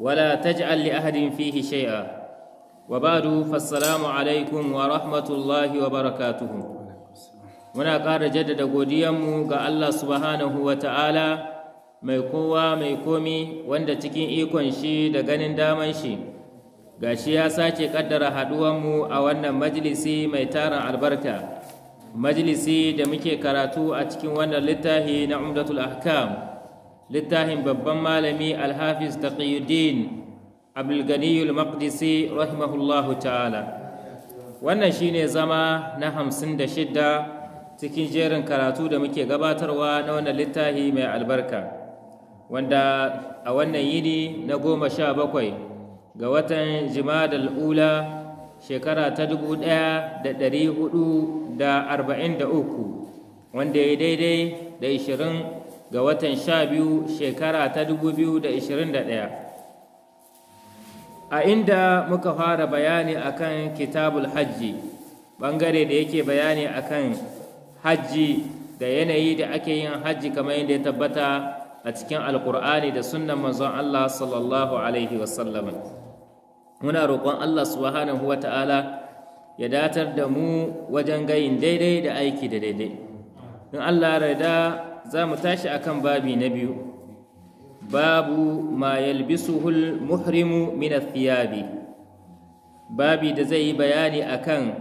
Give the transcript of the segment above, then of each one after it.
ولا تجعل لأحد فيه شيئا وبعد فالسلام عليكم ورحمة الله وبركاته muna ƙara jaddada godiyanmu ga Allah subhanahu wa ta'ala mai kowa mai komi wanda cikin ikon shi da ganin daman shi ga shi ya sake ƙaddara haɗuwanmu a wannan majalisi mai tarin albarka majalisi da muke karatu a cikin wannan littafi na umdatul ahkam littafin babban malami alhafiz taqiyuddin abdulganiyul maqdisi rahimahullahu ta'ala wannan shine zama na hamsin da shidda cikin jerin karatu da muke gabatarwa na wannan littafi mai albarka wanda a wannan yini na goma sha bakwai ga watan jimadal ula shekara ta dubu ɗaya da dari hudu da arba'in da uku wanda ya daidai da ishirin ga watan sha biyu shekara ta dubu biyu da ishirin da ɗaya a inda muka fara bayani akan kitabul hajji ɓangare da yake bayani akan hajji da yanayi da ake yin hajji kamar yadda ya tabbata a cikin alkur'ani da sunan manzon Allah sallallahu alaihi wasallam muna roƙon Allah subhanahu wata'ala ya datar da mu wajen gayin daidai da aiki da daidai in Allah rada za mu tashi akan babi na biyu babu ma yalbisuhul muhrimu min athiyabi babi da zai yi bayani akan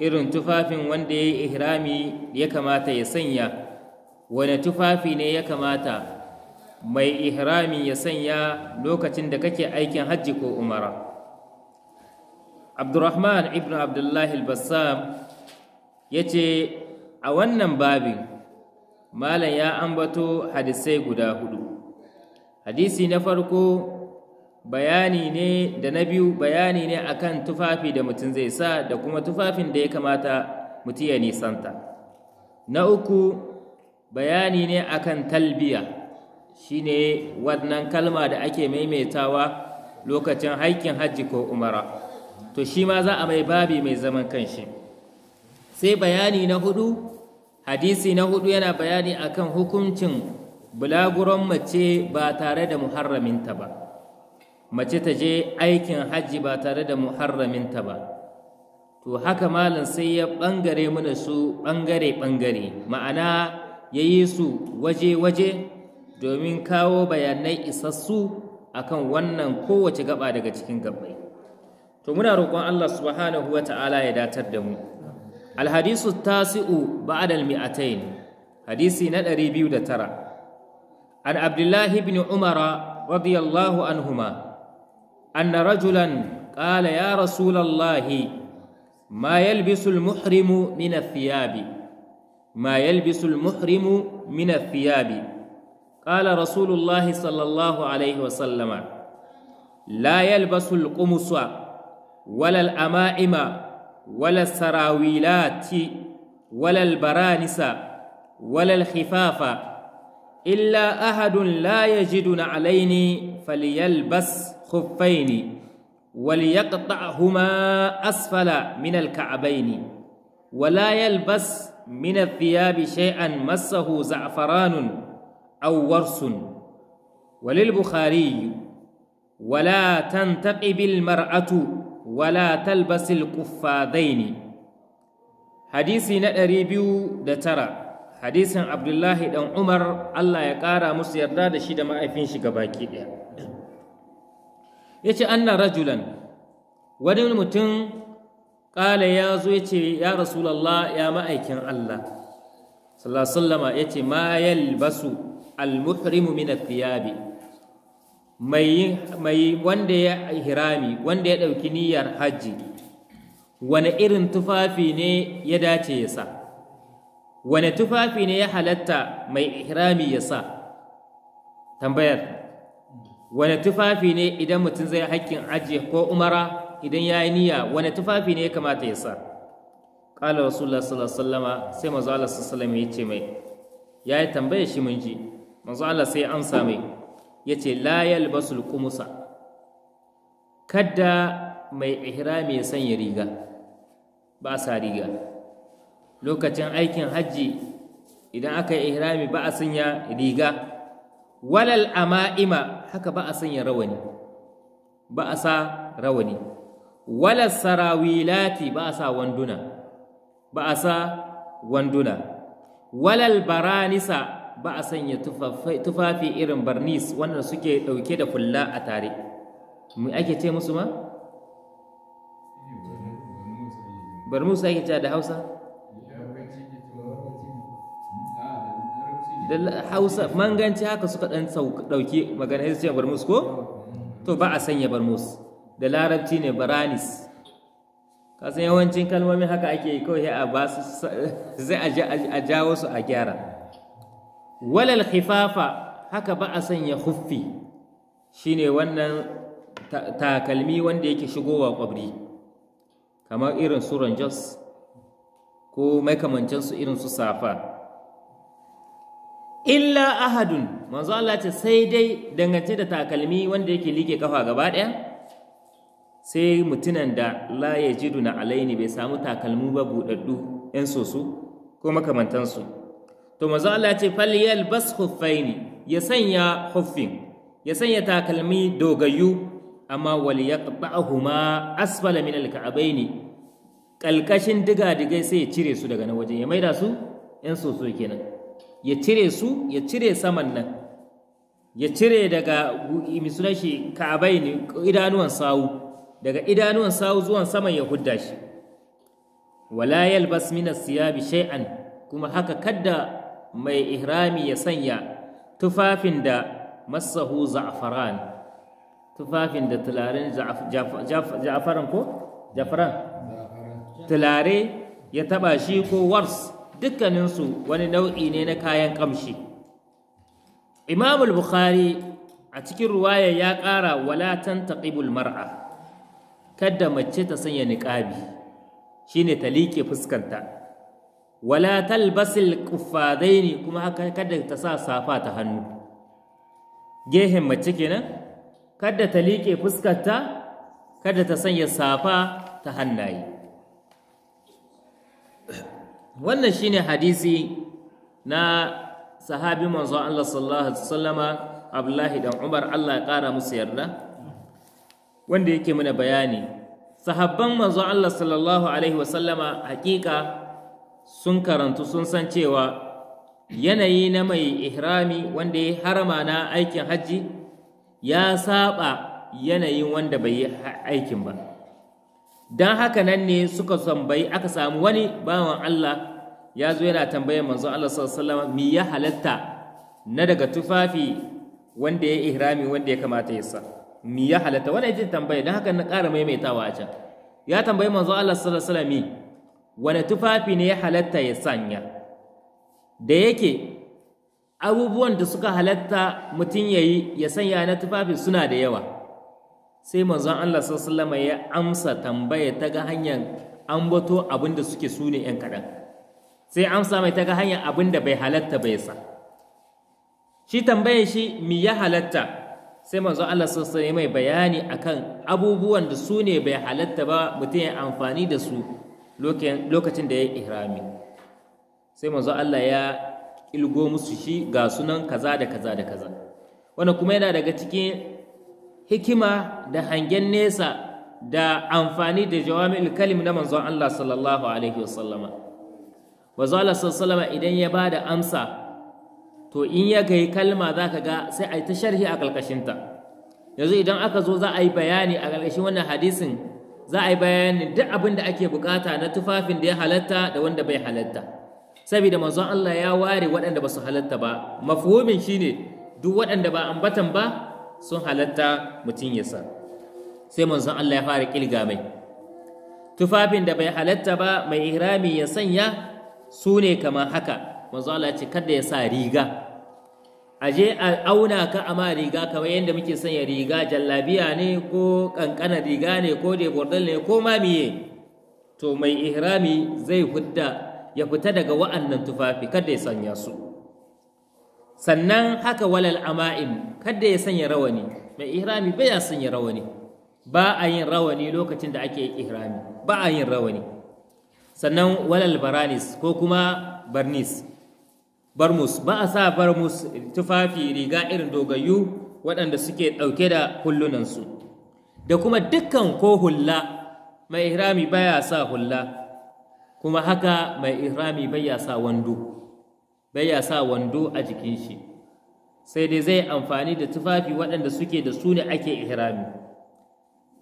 irin tufafin wanda ya yi ihrami ya kamata ya sanya wane tufafi ne ya kamata mai ihrami ya sanya lokacin da kake aikin hajji ko umara abdurrahman ibn abdullahi al-bassam ya ce a wannan babin malam ya ambato hadisai guda hudu hadisi na farko bayani ne da na biyu bayani ne akan tufafi da mutum zai sa da kuma tufafin da ya kamata mutum ya nisanta na uku bayani ne akan talbiya shine wannan kalma da ake maimaitawa lokacin haikin hajji ko umara to shi ma za a mai babi mai zaman kanshi sai bayani na hudu hadisi na hudu yana bayani akan hukuncin bulaguron mace ba tare da muharraminta ba mace ta je aikin hajji ba tare da muharraminta ba to haka malam sai ya bangare mana su bangare-bangare, ma'ana ya yi su waje-waje domin kawo bayanai isassu akan wannan kowace gaba daga cikin gabai to muna roƙon allah subhanahu wa ta'ala ya datar da mu Alhadisu tasi’u ba adal mi’atai ne, hadisi na ɗari biyu da tara. An Abdullahi bin Umara, radiyallahu anhuma. huma, an na rajulan ƙala ya Rasulallahi, ma yalbisul muhrimu mina fiyabi, ma yalbisul muhrimu mina fiyabi, ƙala Rasulullahi sallallahu Alaihi wasallama, la yalbasul ƙumusa, walal amma’ima ولا السراويلات ولا البرانس ولا الخفاف إلا أحد لا يجد نعلين فليلبس خفين وليقطعهما أسفل من الكعبين ولا يلبس من الثياب شيئا مسه زعفران أو ورس وللبخاري ولا تنتقب المرأة wala talbasil kuffadaini hadisi na ɗari biyu da tara hadisin abdullahi ɗan umar allah ya ƙara musu yarda da shi da ma'aifin shi baki ɗaya ya ce anna rajulan wani mutum ƙala ya zo ya ce ya rasulallah ya ma'aikin allah sallallahu alaihi ya ce ma yalbasu al min thiyabi mai wanda ya hirami wanda ya ɗauki niyyar hajji wane irin tufafi ne ya dace ya sa wane tufafi ne ya halatta mai hirami ya sa tambayar wane tufafi ne idan mutum zai haƙƙin aji ko umara idan ya yi niyya wane tufafi ne ya kamata ya sa ƙalar rasulullah sallallahu alaihi sai mazu Allah sallallahu alaihi ya ce mai ya yi tambayar shi mun ji Mazu Allah sai an mai ya ce layal basul kumusa kadda mai ihrami ya sanya riga ba sa riga lokacin aikin hajji idan aka yi ihrami ba a sanya riga walal ama'ima haka ba a sanya rawani ba a sa rawani walal sarawilati ba a sa wanduna ba a sa wanduna walal baranisa ba a sanya tufafi irin barnis wanda suke ɗauke da fulla a tare mu ake ce musu ma Barnus ake ce da hausa da hausa manganci haka suka ɗan ɗauki magana ya ce barnus ko to ba a sanya barnus da larabci ne baranis kasan yawancin kalmomin haka ake kawai a ba su sai a jawo su a gyara walal khifafa haka ba a sanya huffi shine wannan takalmi wanda yake shigowa kwabri kamar irin su ranjas ko makamancinsu irin su safa illa ahadun manzo Allah ce sai dai dangance da takalmi wanda yake like kafa gaba ɗaya sai mutunan da la yajiduna alaini bai samu takalmu ba buɗaɗɗu 'yan soso ko makamantansu to manzo Allah ya ce bas khuffaini ya sanya khuffin ya sanya takalmi dogayu amma wal yaqta'huma asfala min al ka'baini kalkashin diga-digai sai ya cire su daga nan wajen ya maida su yan soso kenan ya cire su ya cire saman nan ya cire daga misunan shi ka'abai ne idanuwan sawu daga idanuwan sawu zuwan saman ya hudda shi wala yalbas min as-siyabi shay'an kuma haka kadda mai ihrami ya sanya tufafin da masahu za'afaran tufafin da tularin ja'afaran ko ja'afaran tulare ya taba shi ko wars dukkaninsu wani nau'i ne na kayan kamshi imamul bukhari a cikin ruwaya ya ƙara walatan taqibul mar'a kada mace ta sanya niƙabi shine ta liƙe fuskanta wala talbasil kuffadaini kuma haka kada ta sa safa ta hannu gehen mace kenan kada ta liƙe fuskarta kada ta sanya safa ta hannaye wannan shine hadisi na sahabi manzo Allah sallallahu alaihi wasallama Abdullahi dan Umar Allah ya kara musu yarda wanda yake mana bayani sahabban manzo Allah sallallahu alaihi wasallama hakika sun karantu sun san cewa yanayi na mai ihrami wanda ya harama na aikin hajji ya saba yanayin wanda bai yi aikin ba don haka nan ne suka tambayi aka samu wani bawan Allah ya zo yana tambayar manzo Allah sallallahu alaihi mi ya halatta na daga tufafi wanda ya ihrami wanda ya kamata ya sa mi ya halatta wani jin tambaya don haka na ƙara maimaitawa a can ya tambayi manzo Allah sallallahu alaihi wane tufafi ne ya halatta ya sanya da yake abubuwan da suka halatta mutum ya yi ya sanya na tufafi suna da yawa sai manzon Allah sallama ya amsa tambaya ta ga hanyar ambato abin da suke sune ‘yan kaɗan sai amsa mai ta ga hanyar abin da bai halatta bai sa shi tambayar shi mi ya halatta sai manzon Allah sassa mai bayani akan abubuwan da su ne bai halatta ba mutum ya amfani da su lokacin da ya yi ihrami sai manzo Allah ya ilgo musu shi ga sunan kaza da kaza da kaza wannan kuma yana daga cikin hikima da hangen nesa da amfani da jawami'ul kalim na Mazu Allah sallallahu alaihi wasallama manzo Allah sallallahu sallama idan ya bada amsa to in ya gai kalma zaka ga sai a yi ta sharhi a kalkashinta yanzu idan aka zo za a yi bayani a kalkashin wannan hadisin za a yi bayanin duk abin da ake bukata na tufafin da ya halatta da wanda bai halatta saboda manzon Allah ya ware waɗanda ba su halatta ba mafhumin shine duk waɗanda ba ambatan ba sun halatta mutum ya sa sai manzon Allah ya fara kilga mai tufafin da bai halatta ba mai ihrami ya sanya su ne kamar haka manzon Allah ya ce kada ya sa riga a je a auna ka a ma riga kamar yadda muke sanya riga jallabiya ne ko kankana riga ne ko debordel ne ko ma miye to mai ihrami zai hudda ya fita daga wa'annan tufafi kada ya sanya su sannan haka walal ama'im kada ya sanya rawani mai ihrami baya sanya rawani ba a yin rawani lokacin da ake ihrami ba a yin rawani sannan walal baranis ko kuma barnis barmus ba a sa barmus tufafi riga irin dogayu waɗanda suke ɗauke da hullunansu da kuma dukkan ko hulla mai ihrami baya sa hulla kuma haka mai ihrami baya sa wando baya sa wando a jikin shi sai dai zai amfani da tufafi waɗanda suke da su ne ake ihrami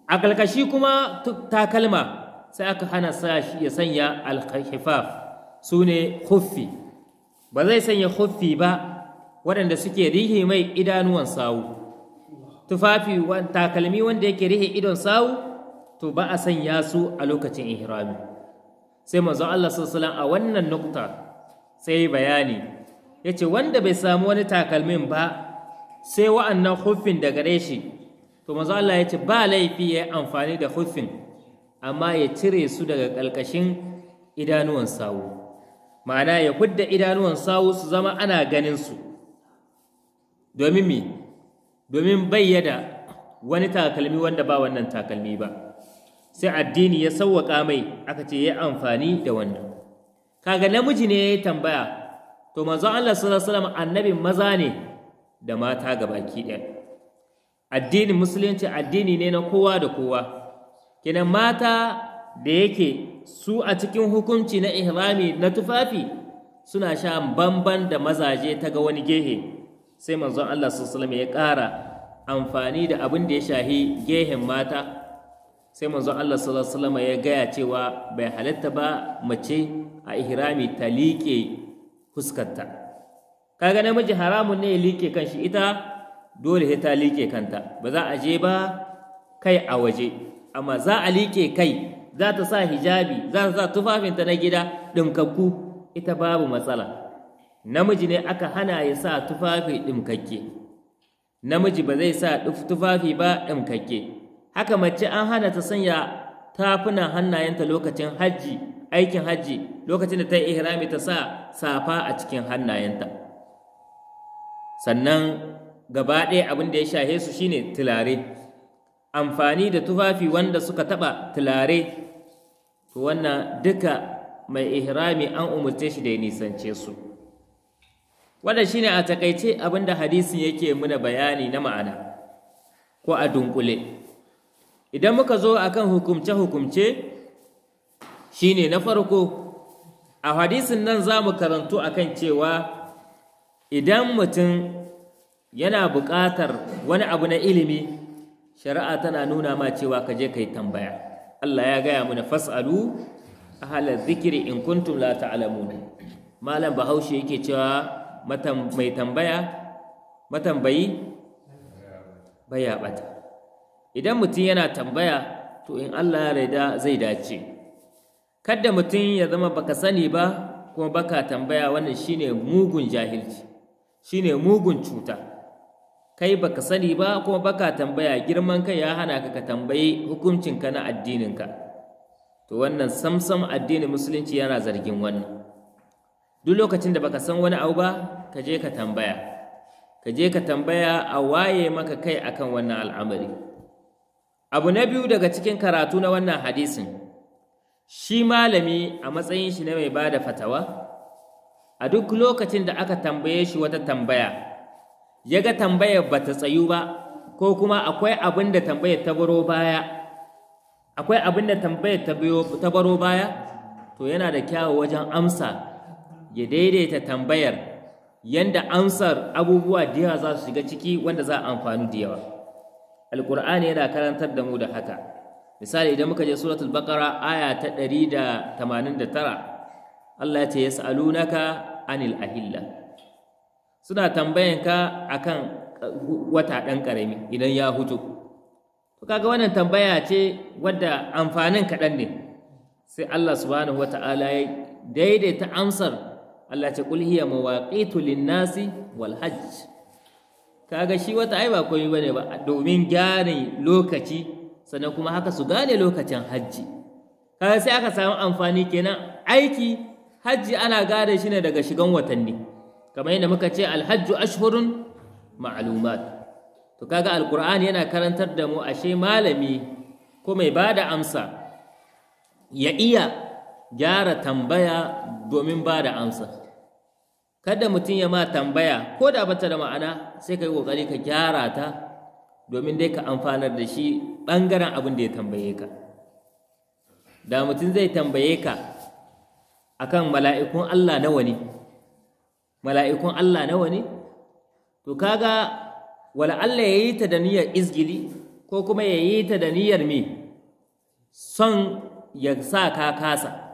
a kalkashi kuma takalma sai aka hana sa shi ya sanya alkhifaf su ne khuffi ba zai sanya huffi ba waɗanda suke rihe mai idanuwan sawu tufafi takalmi wanda yake rihe idon sawu to ba a sanya su a lokacin ihrami sai manzo Allah sallallahu a wannan nukta sai bayani yace wanda bai samu wani takalmin ba sai wa'annan huffin da gare shi to manzo Allah yace ba laifi yayi amfani da huffin amma ya cire su daga ƙarƙashin idanuwan sawu ma'ana ya hudda idanuwan sawu su zama ana ganin su domin mi domin bayyada wani takalmi wanda ba wannan takalmi ba sai addini ya sawwaka mai aka ce ya amfani da wannan kaga namiji ne ya tambaya to manzo Allah sallallahu alaihi wasallam annabin maza ne da mata gabaki ɗaya addinin musulunci addini ne na kowa da kowa kenan mata da yake su a cikin hukunci na ihrami na tufafi suna sha bamban da mazaje ta ga wani gehe sai manzon Allah sallallahu ya ƙara amfani da abin da ya shahi gehen mata sai manzon Allah sallallahu ya gaya cewa bai halatta ba mace a ihrami ta liƙe fuskarta kaga namiji haramun ne ya liƙe kanshi ita dole sai ta liƙe kanta ba za a je ba kai a waje amma za a liƙe kai za ta sa hijabi za ta sa tufafinta na gida ɗimkakku ita babu matsala namiji ne aka hana ya sa tufafi ɗimkakke namiji ba zai sa tufafi ba ɗimkakke haka mace an hana ta sanya tafunan hannayenta lokacin hajji aikin hajji lokacin da ta yi ihrami ta sa safa a cikin hannayenta sannan gaba ɗaya abin da ya shahe su shine tulare amfani da tufafi wanda suka taɓa tulare to wannan duka mai ihrami an umurce shi da ya nisance su wannan shine a takaice abin da hadisin yake muna bayani na ma'ana ko a dunkule idan muka zo akan hukumce hukumce shine na farko a hadisin nan za mu karantu akan cewa idan mutum yana buƙatar wani abu na ilimi shari'a tana nuna ma cewa ka je ka tambaya Allah ya gaya mana fas'alu ahala zikiri in kuntum la ta'lamun malam bahaushe yake cewa mai tambaya matambayi baya bata idan mutum yana tambaya to in Allah ya raida zai dace kada mutum ya zama baka sani ba kuma baka tambaya wannan shine mugun jahilci shine mugun cuta kai baka sani ba kuma baka tambaya girman kai ya hana ka ka tambayi hukuncinka na addininka to wannan samsam addinin musulunci yana zargin wannan duk lokacin da baka san wani abu ba ka je ka tambaya ka je ka tambaya a waye maka kai akan wannan al'amari abu na biyu daga cikin karatu na wannan hadisin shi malami a matsayin shi na mai ba da fatawa a duk lokacin da aka tambaye shi wata tambaya ya ga tambayar ba ta tsayu ba ko kuma akwai abin da tambayar ta baro baya akwai abin da tambayar ta baro baya to yana da kyawu wajen amsa ya daidaita tambayar yanda amsar abubuwa da yawa za su shiga ciki wanda za a amfani da yawa alkur'ani yana karantar da mu da haka misali idan muka je suratul baqara aya ta 189 Allah ya ce yas'alunaka anil ahillah suna tambayan ka kan uh, wata ɗan ƙarami idan ya hutu to kaga wannan tambaya ce wadda amfanin kaɗan ne sai Allah subhanahu wa ta'ala ya daidaita amsar Allah ce kul hiya mawaqitu nasi wal hajj kaga shi wata ai ba komai bane ba domin gyaran lokaci sannan kuma haka su gane lokacin hajji kaga sai aka samu amfani kenan aiki hajji ana gane shi ne daga shigan watanni kamar yadda muka ce alhajju ashhurun ma'lumat to kaga alqur'ani yana karantar da mu ashe malami ko mai bada amsa ya iya gyara tambaya domin bada amsa kada mutum ya ma tambaya ko da bata da ma'ana sai ka yi kokari ka gyara ta domin dai ka amfanar da shi bangaren abin da ya tambaye ka da mutum zai tambaye ka akan mala'ikun Allah nawa ne mala'ikun Allah nawa ne to kaga wala Allah ya yi ta da niyyar izgili ko kuma ya yi ta da niyyar me son ya sa ka kasa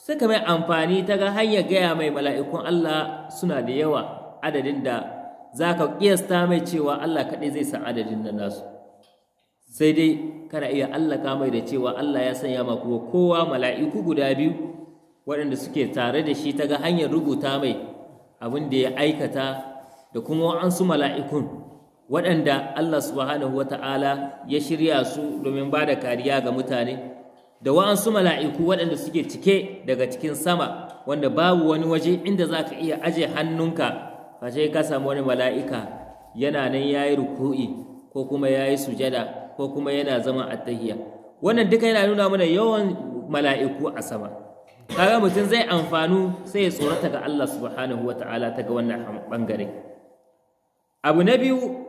Suka mai amfani ta ga hanyar gaya mai mala'ikun Allah suna da yawa adadin da za ka ƙiyasta mai cewa Allah kaɗai zai san adadin da nasu sai dai kana iya allaka mai da cewa Allah ya sanya ma kowa mala'iku guda biyu waɗanda suke tare da shi ta ga hanyar rubuta mai abin da ya aikata da kuma wa'ansu mala'ikun waɗanda Allah subhanahu wa ta'ala ya shirya su domin ba da kariya ga mutane da wa'ansu mala'iku waɗanda suke cike daga cikin sama wanda babu wani waje inda za ka iya aje hannunka ce ka samu wani mala'ika yana nan ya yi ruku'i ko kuma ya yi sujada ko kuma yana zama attahiyya wannan duka yana nuna mana yawan mala'iku a sama kaga mutum zai amfanu sai ya tsorata ga Allah subhanahu wa ta'ala ta ga wannan bangare abu na biyu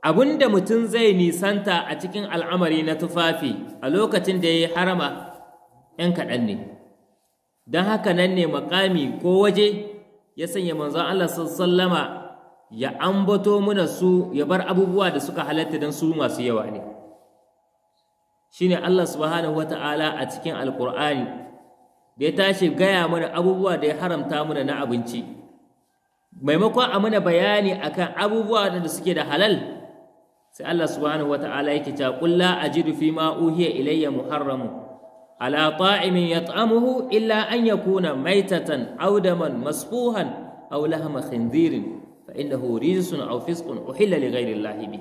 abinda mutum zai nisanta a cikin al'amari na tufafi a lokacin da ya yi harama ‘yan kaɗan ne don haka nan ne makami ko waje ya sanya manzon Allah sallama ya ambato muna su ya bar abubuwa da suka halatta don su masu yawa ne shine Allah subhanahu ta'ala a cikin alkur'ani da ya tashi gaya mana abubuwa da ya haramta mana na abinci maimakon a mana bayani akan abubuwa da suke da halal sai Allah subhanahu wata'ala yake a qul la ajidu fi ma uhiya ilayya muharramu ala ta'imin yat'amuhu illa an yakuna maitatan aw daman masfuhan aw lahma khindirin fa innahu rijsun aw fisqun uhilla li ghayri Ka bi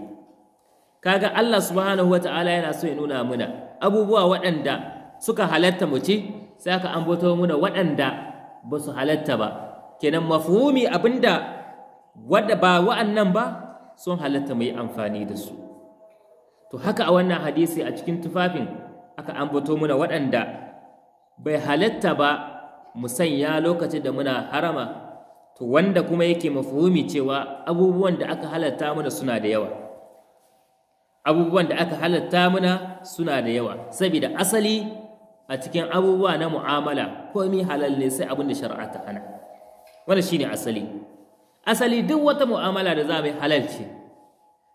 kaga Allah subhanahu yana so ya nuna mana abubuwa waɗanda suka halatta mu ci sai aka ambato muna waɗanda ba su halatta ba kenan mafhumi abinda wadda ba wa'annan ba sun halatta mai amfani da su to haka a wannan hadisi a cikin tufafin aka ambato muna waɗanda bai halatta ba mu sanya lokacin da muna harama to wanda kuma yake mafuhumi cewa abubuwan da aka halatta muna suna da yawa abubuwan da aka halatta muna suna da yawa saboda asali a cikin abubuwa na mu'amala komi halal ne sai abin da shari'a ta hana shi shine asali asali duk wata mu'amala da za mu halal ce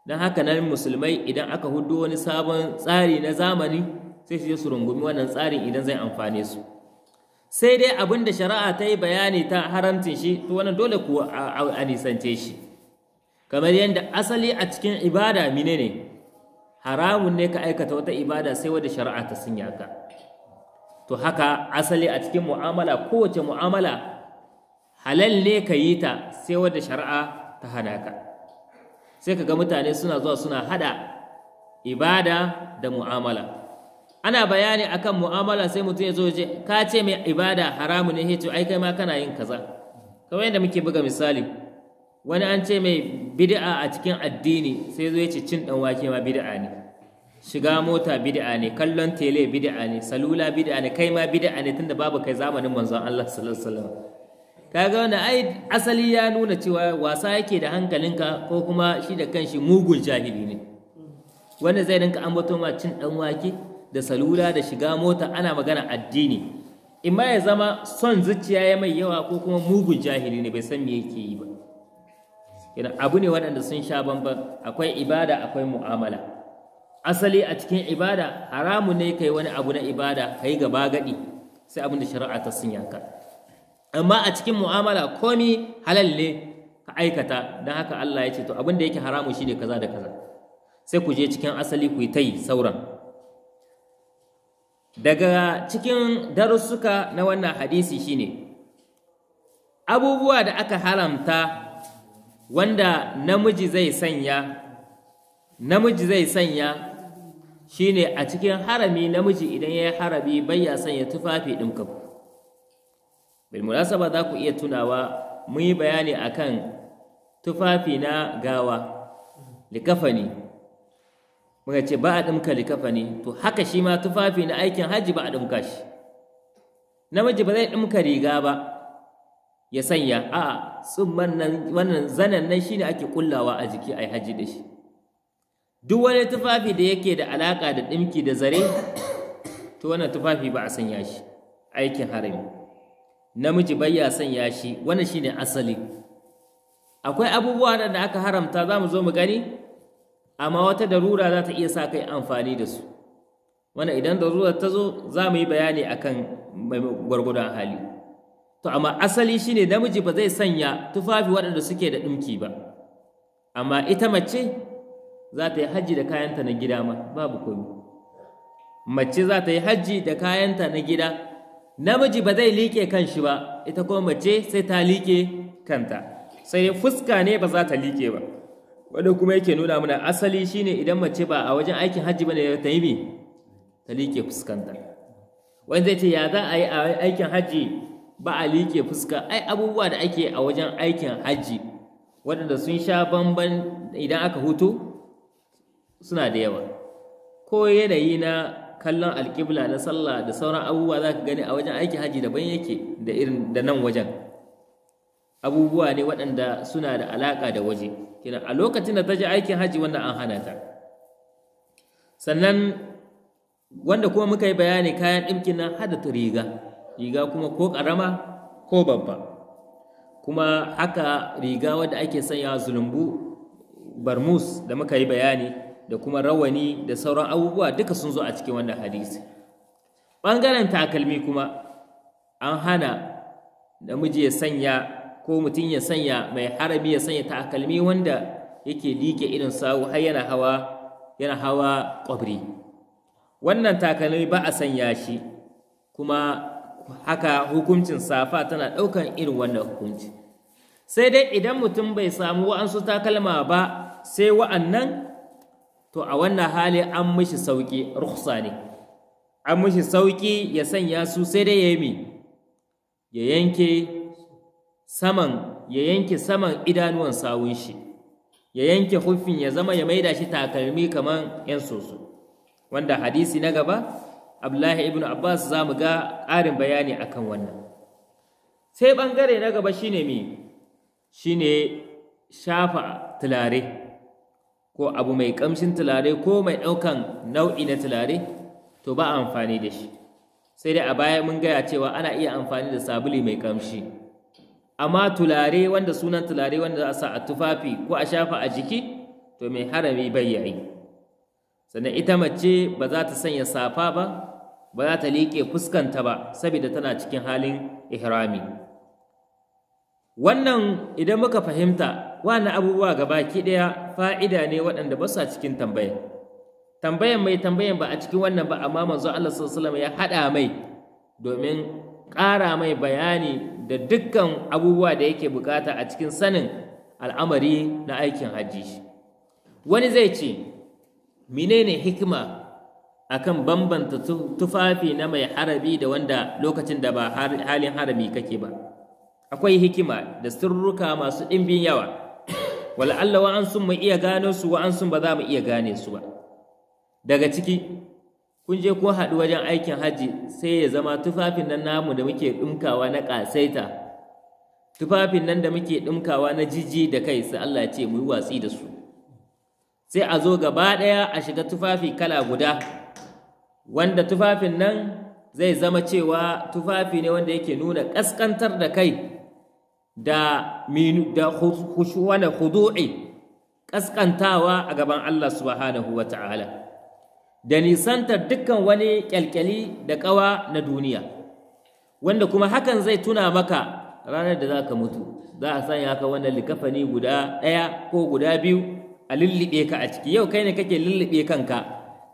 don haka nan musulmai idan aka hudu wani sabon tsari na zamani sai su je su rungumi wannan tsarin idan zai amfane su sai dai abin da shari'a ta yi bayani ta haramcin shi to wannan dole kuwa a nisance shi kamar yadda asali a cikin ibada mine ne, haramun ne ka aikata wata ibada sai wadda shari'a ta sun yaka to haka asali a cikin mu'amala kowace mu'amala halal ne ka yi ta sai wadda shari'a ta hana ka sai ka ga mutane suna zuwa suna hada ibada da mu'amala ana bayani akan mu'amala sai mutum ya zo je ka ce mai ibada haramu ne heto ai kai ma kana yin kaza kamar yadda muke buga misali wani an ce mai bid'a a cikin addini sai zo ya ce cin dan wake ma bid'a ne shiga mota bid'a ne kallon tele bid'a ne salula bid'a ne kai ma bid'a ne tunda babu kai zamanin manzon Allah sallallahu alaihi wasallam kaga wannan ai asali ya nuna cewa wasa yake da hankalinka ko kuma shi da kanshi mugun jahili ne wanda zai rinka ambato ma cin dan wake da salula da shiga mota ana magana addini imma ya zama son zuciya ya mai yawa ko kuma mugun jahili ne bai san me yake yi ba abu ne waɗanda sun sha bamban akwai ibada akwai mu'amala asali a cikin ibada haramu ne kai wani abu na ibada kai gaba gadi sai abin da shari'a ta sun yanka amma a cikin mu'amala komi halal ne ka aikata don haka Allah ya ce to abin da yake haramu shine kaza da kaza sai ku je cikin asali ku yi ta sauran daga cikin darussuka na wannan hadisi shine abubuwa da aka haramta wanda namiji zai sanya namiji zai sanya Shi ne a cikin harami namiji idan ya yi harami bai ya sanya tufafi ɗinkaku bil Bilmulasaba za ku iya tunawa mun yi bayani a kan tufafi na gawa likafani muka ce ba a ɗinka likafani to haka shi ma tufafi na aikin hajji ba a ɗinka shi namiji ba zai ɗinka riga ba ya sanya a'a tsumman nan wannan zanen nan shine ake kullawa a jiki ai haji da shi duk wani tufafi da yake da alaƙa da ɗinki da zare to wannan tufafi ba a sanya shi aikin harami namiji bai ya sanya shi wannan shine asali akwai abubuwa da aka haramta za mu zo mu gani amma wata darura za ta iya sa kai amfani da su wannan idan darura ta zo za mu yi bayani akan gwargwadon hali to amma asali shine namiji ba zai sanya tufafi waɗanda suke da ɗumki ba amma ita mace za ta yi hajji da kayanta na gida ma babu komi mace za ta yi hajji da kayanta na gida namiji ba zai liƙe kan shi ba ita kuma mace sai ta liƙe kanta sai fuska ne ba za ta liƙe ba wanda kuma yake nuna mana asali shine idan mace ba a wajen aikin hajji bane ta yi ta liƙe fuskanta wanda zai ce ya za a yi a aikin hajji ba a liƙe fuska ai abubuwa da ake a wajen aikin hajji waɗanda sun sha bamban idan aka hutu suna da yawa ko yanayi na kallon alƙibla na sallah da sauran abubuwa za ka gani a wajen aikin haji daban yake da irin da nan wajen abubuwa ne waɗanda suna da alaƙa da waje a lokacin da ta ji aikin haji wannan an hana ta sannan wanda kuma muka yi bayani kayan ɗinkin na hada ta riga riga kuma ko ƙarama ko babba kuma haka riga wadda ake sanya zulumbu barmus da muka yi bayani da kuma rawani da sauran abubuwa duka sun zo a cikin wannan hadisi ɓangaren takalmi kuma an hana namiji ya sanya ko mutum ya sanya mai harami ya sanya takalmi wanda yake dike irin sawu har yana hawa yana hawa ƙwabri wannan takalmi ba a sanya shi kuma haka hukuncin safa tana ɗaukan irin wannan hukunci sai dai idan mutum bai samu wa'ansu takalma ba sai wa'annan to a wannan hali an mishi sauƙi rukhsa ne an mishi sauƙi ya sanya su sai dai ya yi ya yanke saman ya yanke saman idanuwan sawun shi ya yanke huffin ya zama ya maida shi takalmi kaman yan soso wanda hadisi na gaba Abdullahi ibn Abbas za mu ga ƙarin bayani akan wannan sai ɓangare na gaba shine mi shine shafa tulare ko abu mai kamshin tulare ko mai ɗaukan nau'i na tulare to ba amfani da shi sai dai a baya mun gaya cewa ana iya amfani da sabuli mai kamshi amma tulare wanda sunan tulare wanda za a sa a tufafi ko a shafa a jiki to mai harami bai yayi sannan ita mace ba za ta sanya safa ba ba za ta liƙe fuskanta ba saboda tana cikin halin ihrami wannan idan muka fahimta wannan abubuwa gabaki ɗaya fa'ida ne waɗanda ba su a cikin tambayan tambayan mai tambayan ba a cikin wannan ba amma manzo Allah sallallahu alaihi ya haɗa mai domin ƙara mai bayani da dukkan abubuwa da yake bukata a cikin sanin al'amari na aikin hajji wani zai ce menene hikima akan bambanta tufafi na mai harabi da wanda lokacin da ba halin harami kake ba akwai hikima da sirruka masu ɗimbin yawa wala Allah wa'ansu mu iya gano su wa'ansu ba za mu iya gane su ba daga ciki kun je ko haɗu wajen aikin hajji sai ya zama tufafin nan namu da muke ɗumkawa na ƙasaita tufafin nan da muke ɗumkawa na jiji da kai sai Allah ce mu yi watsi da su sai a zo gaba ɗaya a shiga tufafi kala guda wanda tufafin nan zai zama cewa tufafi ne wanda yake nuna ƙasƙantar da kai da minu da ƙasƙantawa a gaban Allah subhanahu wa ta'ala da nisantar dukkan wani kyalkyali da ƙawa na duniya wanda kuma hakan zai tuna maka ranar da za ka mutu za a sanya ka wannan likafani guda ɗaya ko guda biyu a lullube ka a ciki yau kai ne kake lullube kanka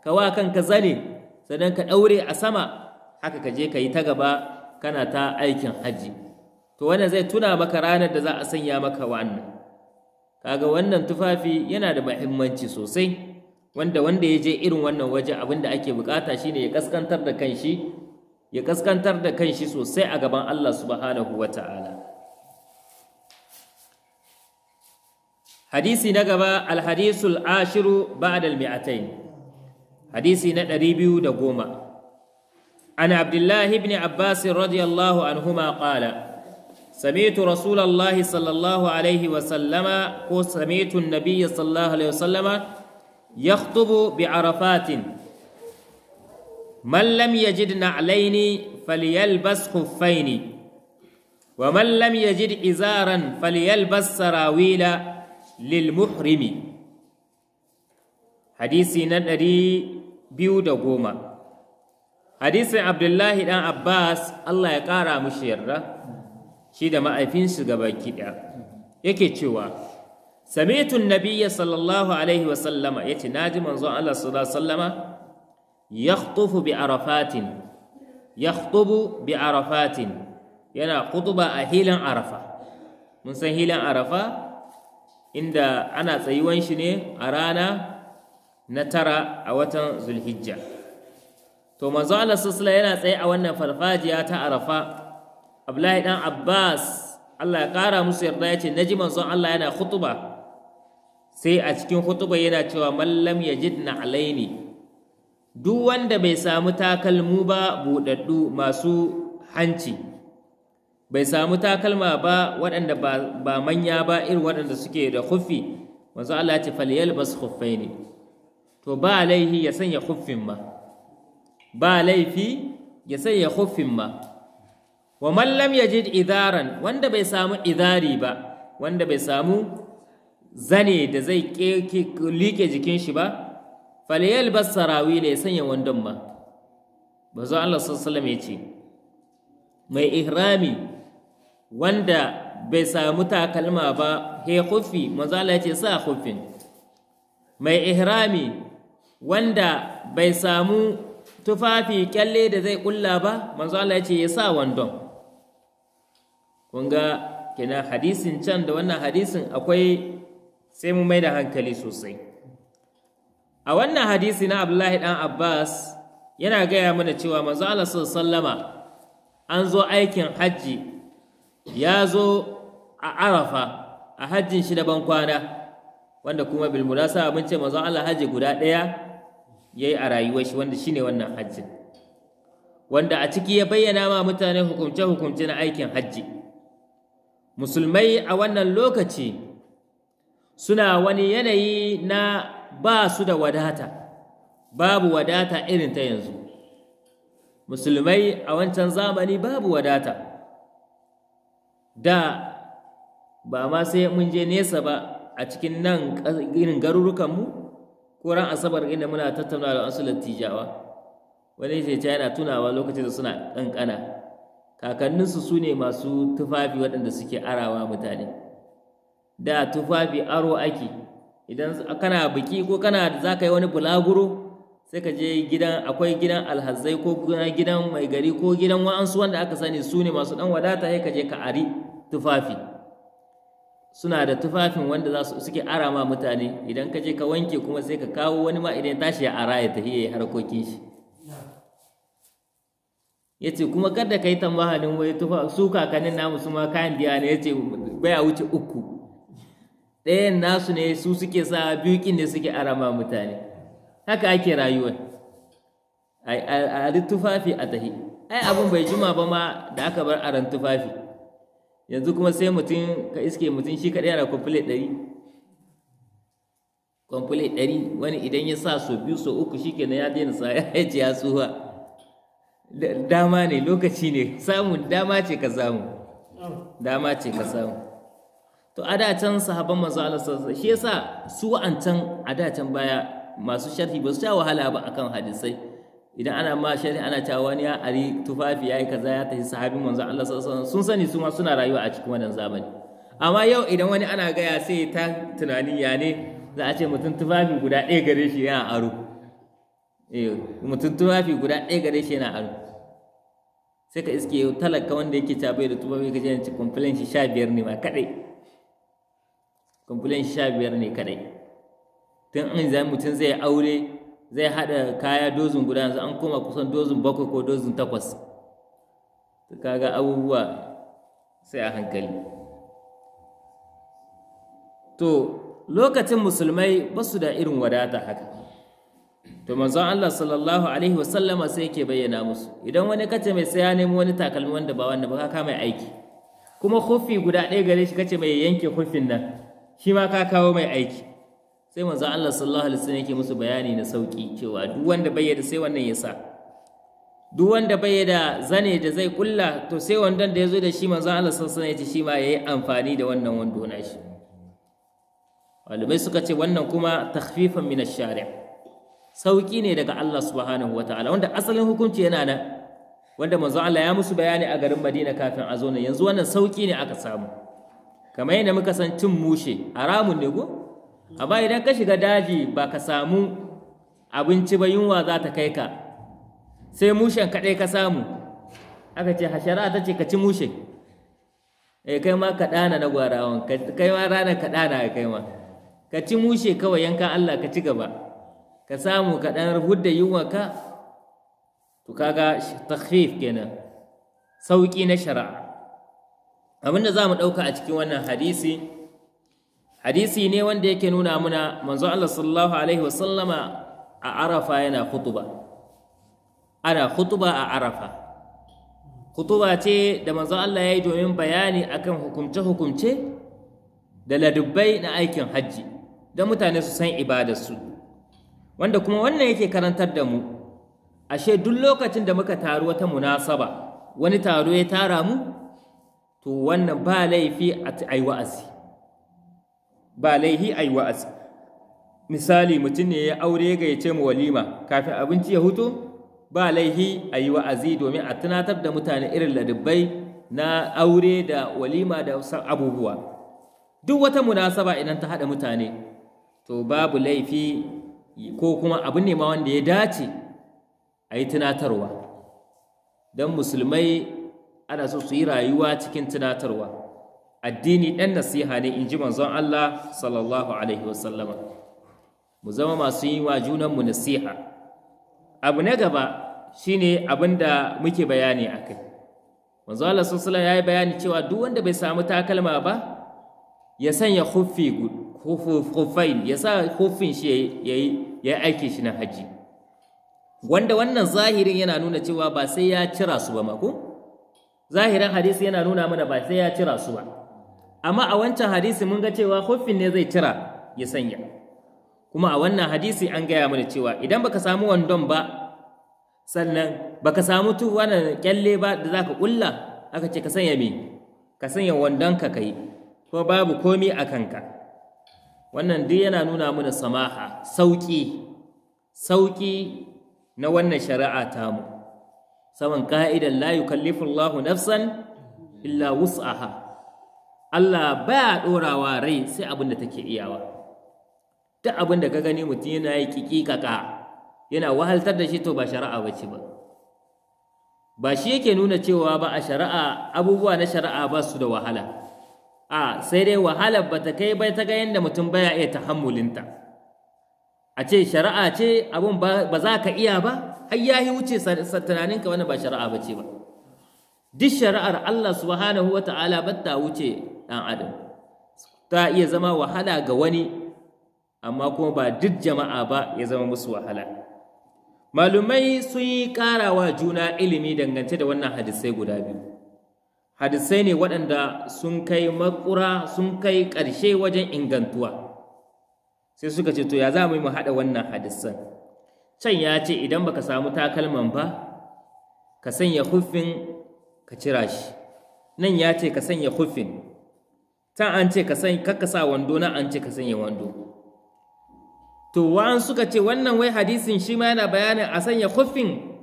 ka wa kanka zane sannan ka ɗaure a sama haka ka je ka yi ta gaba kana ta aikin hajji to wannan zai tuna maka ranar da za a sanya maka wannan kaga wannan tufafi yana da muhimmanci sosai wanda wanda ya je irin wannan waje abin da ake bukata shine ya kaskantar da kanshi ya kaskantar da kanshi sosai a gaban Allah subhanahu wata'ala hadisi na gaba alhadisul ashiru ba'da mi'atain hadisi na 210 an abdullahi ibn abbas radiyallahu anhuma qala سمعت رسول الله صلى الله عليه وسلم وسمعت النبي صلى الله عليه وسلم يخطب بعرفات من لم يجد نعلين فليلبس خفين ومن لم يجد إزارا فليلبس سراويل للمحرم حديثي ندري بيود غوما حديث عبد الله بن عباس الله يقارى مشيره shi da ma'aifinsu ga baki ɗaya yake cewa samitun Nabiya sallallahu alaihi wasallama ya ce na ji manzon Allah sallallahu sallama ya bi arafatin ya bi arafatin yana kutuba a hilin arafa mun san hilin arafa inda ana tsayuwan shi ne a rana na tara a watan zulhijja to manzo Allah sallallahu yana tsaye a wannan farfajiya ta arafa abdullahi dan abbas Allah ya ƙara musu yarda ya ce na ji manzon Allah yana khutuba sai a cikin khutuba yana cewa mallam ya jidna alaini duk wanda bai samu takalmu ba buɗaɗɗu masu hanci bai samu takalma ba waɗanda ba manya ba irin waɗanda suke da khuffi Wanzu Allah ya ce falyalbas khuffaini to ba laifi ya sanya khuffin ma ba laifi ya sanya khuffin ma wa mallam ya ji idaran wanda bai samu idari ba wanda bai samu zane da zai liƙe jikin shi ba faliyal basarawi ne ya sanya wandon ba ba zo Allah sallallahu ya ce mai ihrami wanda bai samu takalma ba he kufi maza Allah ya ce sa kufin mai ihrami wanda bai samu tufafi kyalle da zai kulla ba manzo Allah ya ce ya sa wandon kun ga kenan hadisin can da wannan hadisin akwai sai mu mai da hankali sosai a wannan hadisi na abdullahi ɗan abbas yana gaya mana cewa manzo Allah sallama an zo aikin hajji ya zo a arafa a hajjin shi daban kwana wanda kuma bil mun ce manzo Allah hajji guda ɗaya ya yi a rayuwar shi wanda shine wannan hajjin wanda a ciki ya bayyana ma mutane hukumce hukumce na aikin hajji musulmai a wannan lokaci suna wani yanayi na ba su da wadata babu wadata irin ta yanzu musulmai a wancan zamani babu wadata da ba ma sai mun je nesa ba a cikin nan irin garurukanmu ko ran asabar inda muna tattauna da wasu lattijawa wani ce yana tunawa lokacin da suna ƙanƙana kakanninsu su ne masu tufafi waɗanda suke arawa mutane da tufafi aro ake idan kana biki ko kana za ka yi wani bulaguro sai ka je gidan akwai gidan alhazai ko gidan mai gari ko gidan wa'ansu wanda aka sani su ne masu ɗan wadata sai ka je ka ari tufafi suna da tufafin wanda za su suke arama mutane idan ka je ka wanke kuma sai ka kawo wani ma idan tashi ya ara ya tafi ya yi harkokin shi ya ce kuma kada ka yi tambahalin wai tufa su kakannin namu su ma kayan biya ne ya ce baya wuce uku ɗayan nasu ne su suke sa biyu da suke arama mutane haka ake rayuwa a tufafi a tahi ai abin bai juma ba ma da aka bar aran tufafi yanzu kuma sai mutum ka iske mutum shi kaɗai yana kwamfule ɗari kwamfule ɗari wani idan ya sa so biyu so uku shi kenan ya daina sa ya ce ya tsuwa dama ne lokaci ne samun dama ce ka samu dama ce ka samu to a da can sahabban manzo Allah sallallahu shi yasa su wa'ancan a da can baya masu sharhi ba su sha wahala ba akan hadisai idan ana ma sharhi ana cewa wani ya ari tufafi yayi kaza ya tafi sahabin manzo Allah sallallahu sun sani su ma suna rayuwa a cikin wannan zamani amma yau idan wani ana gaya sai ta tunani ya ne za a ce mutum tufafi guda ɗaya gare shi yana aro eh mutum tufafi guda ɗaya gare shi yana aro sai ka iske talaka wanda yake bai da mai ka ce complain shi sha biyar ne ma kaɗai complain shi sha biyar ne kaɗai tun an zai mutum zai aure zai haɗa kaya dozin guda yanzu an koma kusan dozin bakwai ko dozin takwas kaga abubuwa sai a hankali to lokacin musulmai ba su da irin wadata haka to manzon Allah sallallahu alaihi wasallama sai yake bayyana musu idan wani kace mai saya ya wani takalmi wanda ba wanda ba ka mai aiki kuma kofi guda ɗaya gare shi kace mai yanke kofin nan shi ma ka kawo mai aiki sai manzon Allah sallallahu alaihi wasallam yake musu bayani na sauki cewa duk wanda bayyana sai wannan ya sa duk wanda bayyana zane da zai kulla to sai wanda da ya zo da shi manzo Allah sallallahu alaihi wasallam ya ce shi ma yayi amfani da wannan wando na shi walibai suka ce wannan kuma takhfifan min ash-shari' sauki ne daga Allah subhanahu ta'ala. wanda asalin hukunci yana nan wanda manzo Allah ya musu bayani a garin Madina kafin a zo yanzu wannan sauki ne aka samu kamar yadda muka san cin mushe haramun ne go amma idan ka shiga daji ba ka samu abinci ba yunwa za ta kai ka sai mushen kaɗai ka samu aka ce hashara ta ce ka ci mushe eh kai ma ka ɗana na gwarawan kai ma ranar ka ɗana kai ma ka ci mushe kawai yankan Allah ka ci gaba ka samu ka ɗan hudda yunwarka to kaga takhfif kenan sauƙi na shari'a abinda za mu ɗauka a cikin wannan hadisi hadisi ne wanda yake nuna muna manzo Allah sallallahu alaihi wasallama a arafa yana khutuba ana khutuba a arafa khutuba ce da manzo Allah ya yi domin bayani akan hukumce-hukumce da ladubbai na aikin hajji don mutane su san ibadarsu su wanda kuma wannan yake karantar da mu ashe duk lokacin da muka taru wata munasaba wani taro ya tara mu to wannan ba laifi a yi wa'azi ba laifi a yi wa'azi misali mutum ne ya aure ga ya ce mu walima kafin abinci ya hutu ba laifi a yi wa'azi domin a tunatar da mutane irin ladabbai na aure da walima da abubuwa duk wata munasaba idan ta haɗa mutane to babu laifi ko kuma abu ne wanda ya dace a yi tunatarwa don musulmai ana so su yi rayuwa cikin tunatarwa addini ɗan nasiha ne in ji manzon Allah sallallahu alaihi wasallama mu zama masu yi wa junanmu nasiha abu na gaba shine abin da muke bayani a kai manzon Allah sallallahu alaihi ya yi bayani cewa duk wanda bai samu takalma ba ya sanya huffi gudu hufufufain ya sa hufin shi ya yi aiki shi na haji wanda wannan zahirin yana nuna cewa ba sai ya cira su ba mako? zahirin hadisi yana nuna mana ba sai ya cira su ba amma a wancan hadisi mun ga cewa hufin ne zai cira ya sanya kuma a wannan hadisi an gaya mana cewa idan baka samu wandon ba sannan baka samu tuwa kyalle ba da zaka kulla aka ce ka sanya me ka sanya wandon ka kai ko babu komi a kanka wannan duk yana nuna mana samaha sauƙi sauƙi na wannan shari'a tamu saman ka'idan la Allah nafsan illa wus'aha Allah baya ɗorawa rai sai abin da take iyawa duk abin da ka gani mutum yana yi kikikaka yana wahaltar da shi to ba shari'a bace ba ba shi yake nuna cewa ba a shari'a abubuwa na shari'a ba su da wahala a sai dai wahalar ba ta kai bai ta ga yadda mutum baya iya tahammulinta a ce shari'a ce abin ba za ka iya ba har ya yi wuce tunaninka wani ba shari'a ba ce ba duk shari'ar Allah subhanahu wa ta'ala ba ta wuce ɗan adam ta iya zama wahala ga wani amma kuma ba duk jama'a ba ya zama musu wahala malumai sun yi ƙarawa juna ilimi dangance da wannan hadisai guda biyu hadisai ne waɗanda sun kai makura sun kai ƙarshe wajen ingantuwa sai suka ce to ya za mu yi mu haɗa wannan hadisan can ya ce idan baka samu takalman ba ka sanya huffin ka cira shi nan ya ce ka sanya huffin ta an ce ka sa wando na an ce ka sanya wando to wa'an suka ce wannan wai hadisin shi ma yana bayanin a sanya huffin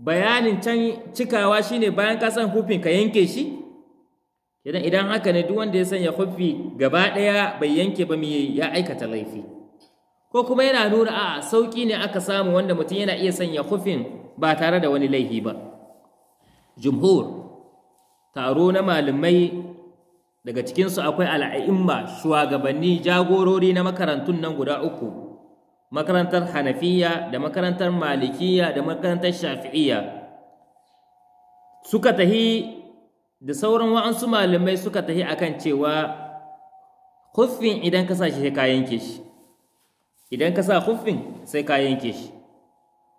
bayanin can cikawa shine bayan ka san hufin ka yanke shi idan idan haka ne duk wanda ya sanya hufi gaba ɗaya bai yanke ba me ya aikata laifi ko kuma yana nuna a sauƙi ne aka samu wanda mutum yana iya sanya hufin ba tare da wani laifi ba jumhur taro na malamai daga cikinsu akwai al'a'imma shugabanni jagorori na makarantun nan guda uku makarantar hanafiya da makarantar malikiya da makarantar shafi'iya suka tahi da sauran wa'ansu malamai suka tahi akan cewa huffin idan ka sa shi sai ka yanke shi idan ka sa huffin sai ka yanke shi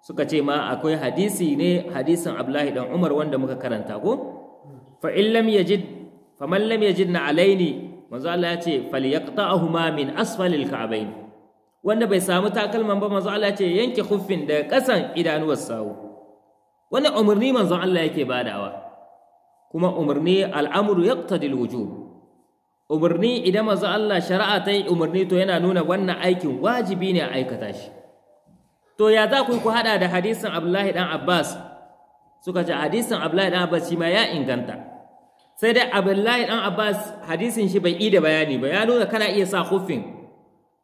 suka ce ma akwai hadisi ne hadisin abdullahi dan umar wanda muka karanta ko fa in lam yajid fa man lam yajid na alaini manzo Allah ya ce falyaqta'huma min asfalil ka'bayn wanda bai samu takalman ba manzo Allah ce yanke khuffin daga kasan idanuwar sawu wanda umarni manzo Allah yake badawa kuma umarni al'amru yaqtadi al-wujub umarni idan manzo Allah shari'a ta yi umarni to yana nuna wannan aikin wajibi ne a aikata shi to ya za ku ku hada da hadisin Abdullahi dan Abbas suka ce hadisin Abdullahi dan Abbas shi ma ya inganta sai dai Abdullahi dan Abbas hadisin shi bai ida da bayani ba ya nuna kana iya sa khuffin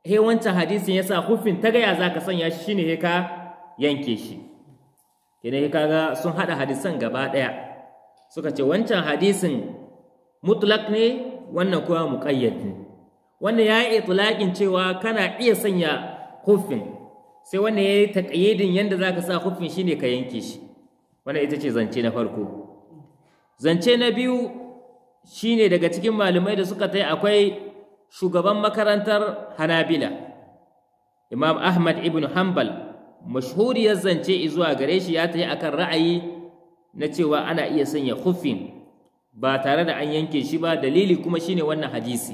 he wancan hadisin ya sa hufin ta gaya za ka sanya shi ne he ka yanke shi kenan he kaga sun hada hadisan gaba daya suka ce wancan hadisin mutlak ne wannan kuwa muqayyad ne wannan yayi itlaqin cewa kana iya sanya hufin sai wannan yayi yadda yanda ka sa hufin ne ka yanke shi wannan ita ce zance na farko zance na biyu shine daga cikin malamai da suka tai akwai shugaban makarantar hanabila imam ahmad ibn hanbal mashhuriyar zance zuwa gare shi ya ta yi akan ra'ayi na cewa ana iya sanya hufin ba tare da an yanke shi ba dalili kuma shine wannan hadisi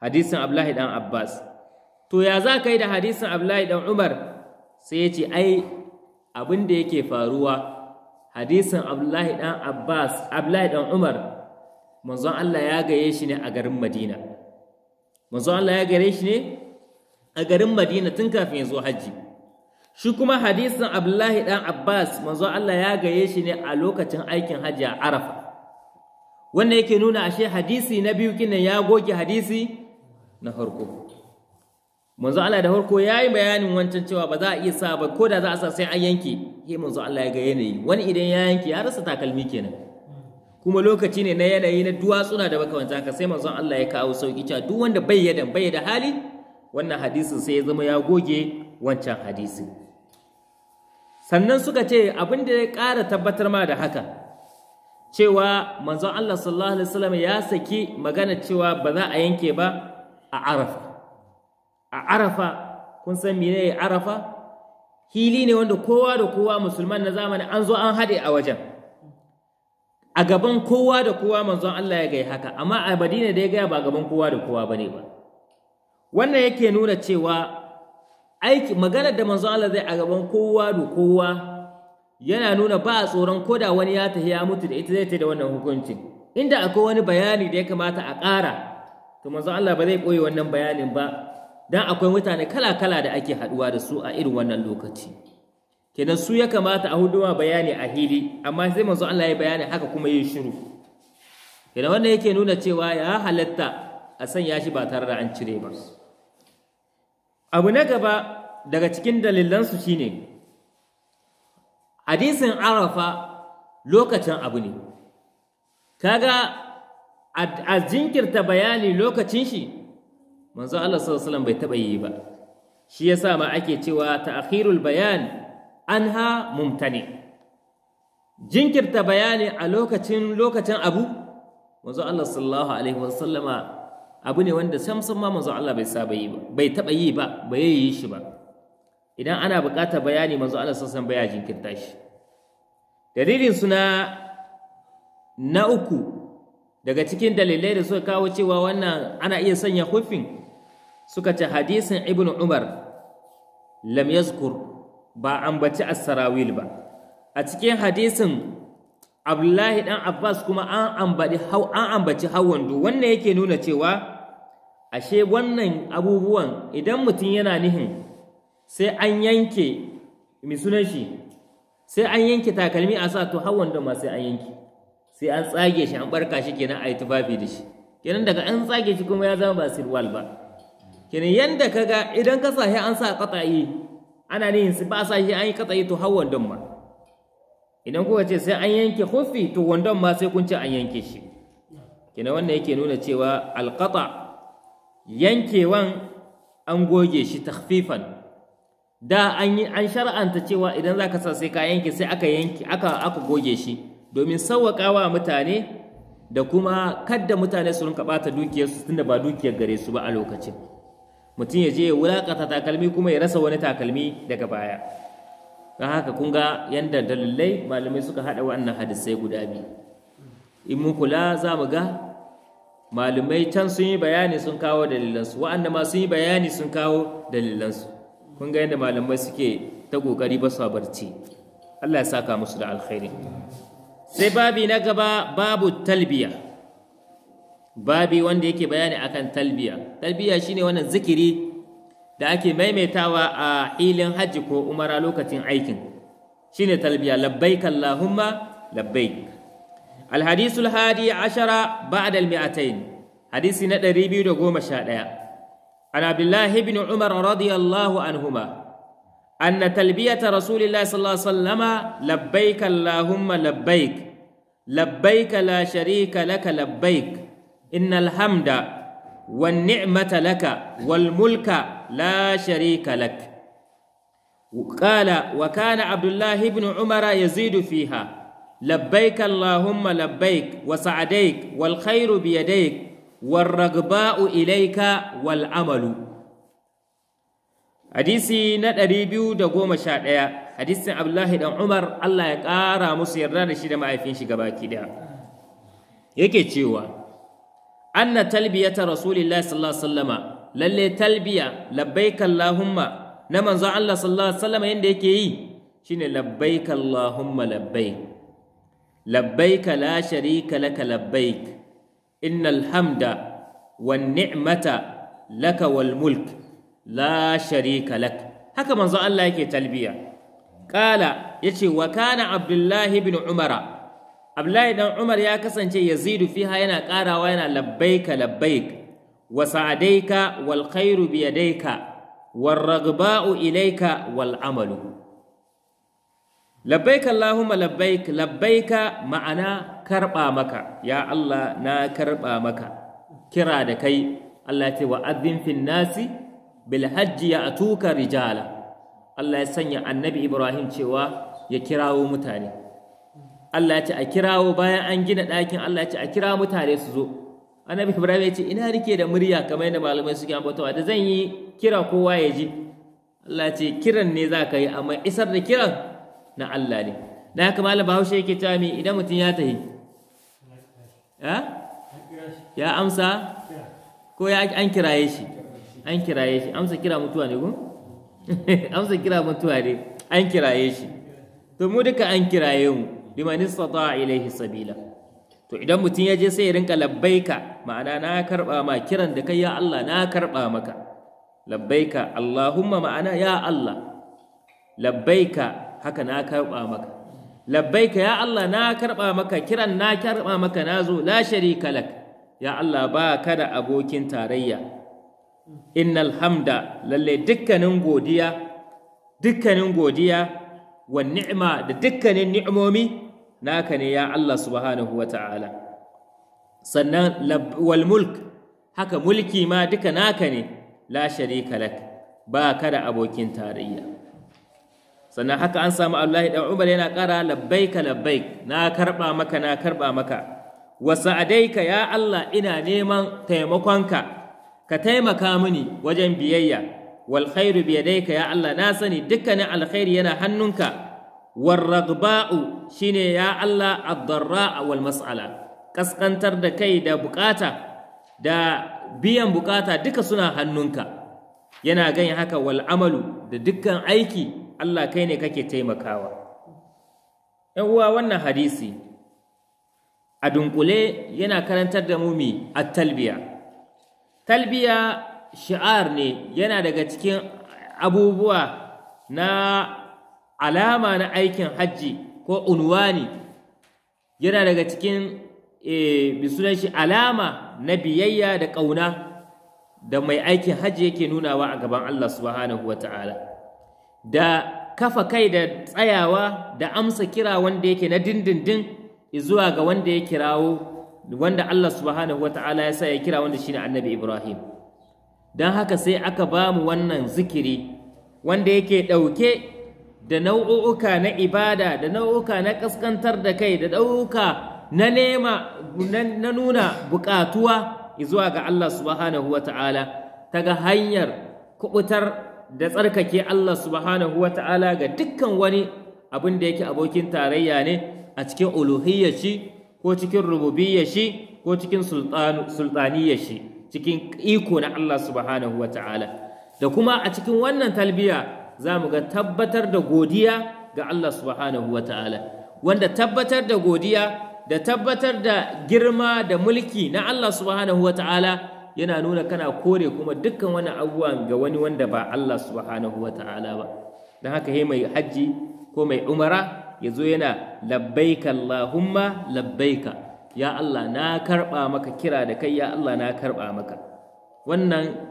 hadisin abdullahi dan abbas to ya za ka yi da hadisin abdullahi dan umar sai ya ce ai abin da yake faruwa hadisin abdullahi dan abbas abdullahi dan umar manzon allah ya gaye shi ne a garin madina manzo Allah ya gare shi ne a garin Madina tun kafin ya zo haji. shi kuma hadisin Abdullahi dan Abbas manzo Allah ya gare shi ne a lokacin aikin haji a Arafa wannan yake nuna ashe hadisi na biyu kinan ya goge hadisi na farko manzo Allah da farko yayi bayanin wancan cewa ba za a iya sa ba ko da za a sa sai an yanke he manzo Allah ya ga yanayi wani idan ya yanke ya rasa takalmi kenan kuma lokaci ne na yanayi na duwatsuna da makamanta haka sai manzon Allah ya kawo sauki cewa duk wanda bai ya bai da hali wannan hadisin sai ya zama ya goge wancan hadisin sannan suka ce abin da ya ƙara tabbatar ma da haka cewa manzon Allah sallallahu alaihi wasallam ya saki magana cewa ba za a yanke ba a Arafa a Arafa kun san menene Arafa hili ne wanda kowa da kowa musulman na zamani an zo an haɗe a wajen a gaban kowa da kowa manzon Allah ya gai haka amma a Madina da ya gaya ba gaban kowa da kowa bane ba wannan yake nuna cewa aiki maganar da manzon Allah zai a gaban kowa da kowa yana nuna ba a tsoron koda wani ya tafi ya mutu da ita zai ta da wannan hukuncin inda akwai wani bayani da ya kamata a ƙara to manzon Allah ba zai koyi wannan bayanin ba dan akwai mutane kala-kala da ake haɗuwa da su a irin wannan lokaci kenan su ya kamata a huduma bayani a hili amma sai manzo Allah ya bayani haka kuma yin shiru kenan wannan yake nuna cewa ya halatta a sanya shi ba tare da an cire ba abu na gaba daga cikin dalilansu shine hadisin arafa lokacin abu ne kaga a jinkirta bayani lokacin shi manzo Allah sallallahu alaihi wasallam bai taba yi ba shi yasa ma ake cewa ta'khirul bayan anha mumtani jinkirta bayani a lokacin lokacin abu manzo Allah sallallahu alaihi wasallama abu ne wanda samsan ma manzo Allah bai saba yi ba taba yi ba bai shi ba idan ana buƙatar bayani manzo Allah sallallahu alaihi baya jinkirta shi dalilin suna na uku daga cikin dalilai da suka kawo cewa wannan ana iya sanya hufin suka ce hadisin ibnu umar lam yazkur ba ambaci as-sarawil ba a cikin hadisin Abdullahi dan Abbas kuma an ambaci hau an ambaci hawando wannan yake nuna cewa ashe wannan abubuwan idan mutum yana nihin sai an yanke mi sunan shi sai an yanke takalmi a sa to hawan wando ma sai an yanke sai an tsage shi an barka shi kenan a yi tufafi da shi kenan daga an tsage shi kuma ya zama ba sirwal ba kenan yanda kaga idan ka sahi an sa qata'i ana nihin su ba sa shi an yi katsayi to har wandon ma idan kuka ce sai an yanke hufi to wandon ma sai kun ce an yanke shi kina wannan yake nuna cewa alqata yankewan an goge shi takhfifan da an yi an shar'anta cewa idan zaka sa sai ka yanke sai aka yanke aka aka goge shi domin sawwakawa mutane da kuma kadda mutane su rinka bata dukiyarsu tunda ba dukiyar gare su ba a lokacin mutum ya je ya wulakata takalmi kuma ya rasa wani takalmi daga baya don haka kun ga yadda dalilai malamai suka haɗa wannan hadisai guda biyu in mun kula za mu ga malamai can sun yi bayani sun kawo dalilansu wa'anda ma sun yi bayani sun kawo dalilansu kun ga yadda malamai suke ta ƙoƙari ba su barci Allah ya saka musu da alkhairi sai babi na gaba babu talbiya babi wanda yake bayani akan talbiya talbiya shine wannan zikiri da ake maimaitawa a ilin hajji ko umara lokacin aikin shine talbiya labbaik allahumma labbaik alhadisul hadi ashara ba'da almi'atain hadisi na 211 an abdullah ibn umar radiyallahu anhuma anna talbiyata rasulillahi sallallahu alaihi wasallama labbaik allahumma labbaik labbaik la sharika laka labbaik إن الحمد والنعمة لك والملك لا شريك لك قال وكان عبد الله بن عمر يزيد فيها لبيك اللهم لبيك وسعديك والخير بيديك والرغباء إليك والعمل حديثي ندري بيو دقوم شادية حديثي عبد الله بن عمر الله يقارى مسيرنا نشيد ما يفين شقباكي دا يكي تشيوه anna talbiyata rasulillahi sallallahu alaihi wasallama lalle talbiya labbaika allahumma na manzo Allah sallallahu alaihi wasallama yanda yake yi shine labbaika allahumma labbaik labbaika la sharika laka labbaik innal hamda wan ni'mata laka wal mulk la sharika lak haka manzo Allah yake talbiya qala yace wa kana abdullahi ibn umara abdullahi dan umar ya kasance yazidu fiha yana ƙarawa yana labbaika labbaik wa sa'adaika wal khairu bi wal ragba'u ilaika wal amalu labbaik allahumma labbaik labbaika ma'ana karba maka ya allah na karba maka kira da kai allah ya ce wa adzin fin nasi bil hajji ya rijala Allah ya sanya annabi Ibrahim cewa ya kirawo mutane Allah ya ce a kirawo bayan an gina ɗakin Allah ya ce a kira mutane su zo annabi ibrahim ya ce ina rike da murya kamar yadda malamai suke ambatawa da zan yi kira kowa ya ji Allah ya ce kiran ne za ka yi amma isar da kiran na Allah ne na haka malam bahaushe yake cewa me idan mutum ya tahi ya amsa ko ya an kiraye shi an kiraye shi amsa kira mutuwa ne ku? amsa kira mutuwa ne an kiraye shi to mu duka an kiraye mu biman istata ilaihi sabila to idan mutum ya je sai ya rinka labbaika ma'ana na karba ma kiran da kai ya Allah na karba maka labbaika Allahumma ma'ana ya Allah labbaika haka na karba maka labbaika ya Allah na karba maka kiran na karba maka nazo la sharika lak ya Allah ba ka da abokin tarayya innal hamda lalle dukkanin godiya dukkanin godiya wa ni'ima da dukkanin ni'imomi naka ne ya Allah subhanahu wa ta'ala sannan wal mulk haka mulki ma duka naka ne la sharika lak ba ka da abokin tarayya sannan haka an samu Allah dan Umar yana kara ka labbaik na karba maka na karba maka wa sa'adaika ya Allah ina neman taimakonka ka taimaka mini wajen biyayya wal khairu bi yadayka ya Allah na sani dukkanin alkhairi yana hannunka war shine ya Allah ad-darra wal mas'ala kaskantar da kai da bukata da biyan bukata duka suna hannunka yana ganin haka wal amalu da dukkan aiki Allah kai ne kake taimakawa ɗan uwa wannan hadisi a dunkule yana karantar da mumi a at-talbiya talbiya shi'ar ne yana daga cikin abubuwa na alama na aikin hajji ko unwani yana daga cikin eh, bisunan shi alama na biyayya da ƙauna da mai aikin hajji yake nunawa a gaban Allah subhanahu wa ta'ala da kafa kai da tsayawa da amsa kira wanda yake na dindindin zuwa ga wanda ya kirawo wanda Allah subhanahu wa ta'ala ya sa ya kira wanda shine annabi Ibrahim don haka sai aka ba mu wannan zikiri wanda yake ɗauke da nau'uka na ibada da nau'uka na ƙaskantar da kai da nau'uka na nema na nuna buƙatuwa zuwa ga Allah subhanahu ta’ala ta ga hanyar kubutar da tsarkake Allah subhanahu ta’ala ga dukkan wani abin da yake abokin tarayya ne a cikin uluhiyyashi ko cikin shi ko cikin sultaniyyashi cikin iko na Allah subhanahu wa ta'ala da kuma a cikin wannan talbiya za mu ga tabbatar da godiya ga Allah subhanahu wa ta'ala wanda tabbatar da godiya da tabbatar da girma da mulki na Allah subhanahu wa ta'ala yana nuna kana kore kuma dukkan wani abubuwa ga wani wanda ba Allah subhanahu wa ta'ala ba don haka he mai hajji ko mai umara ya zo yana labbaika Allahumma labbaika ya Allah na karɓa maka kira da kai ya Allah na karɓa maka wannan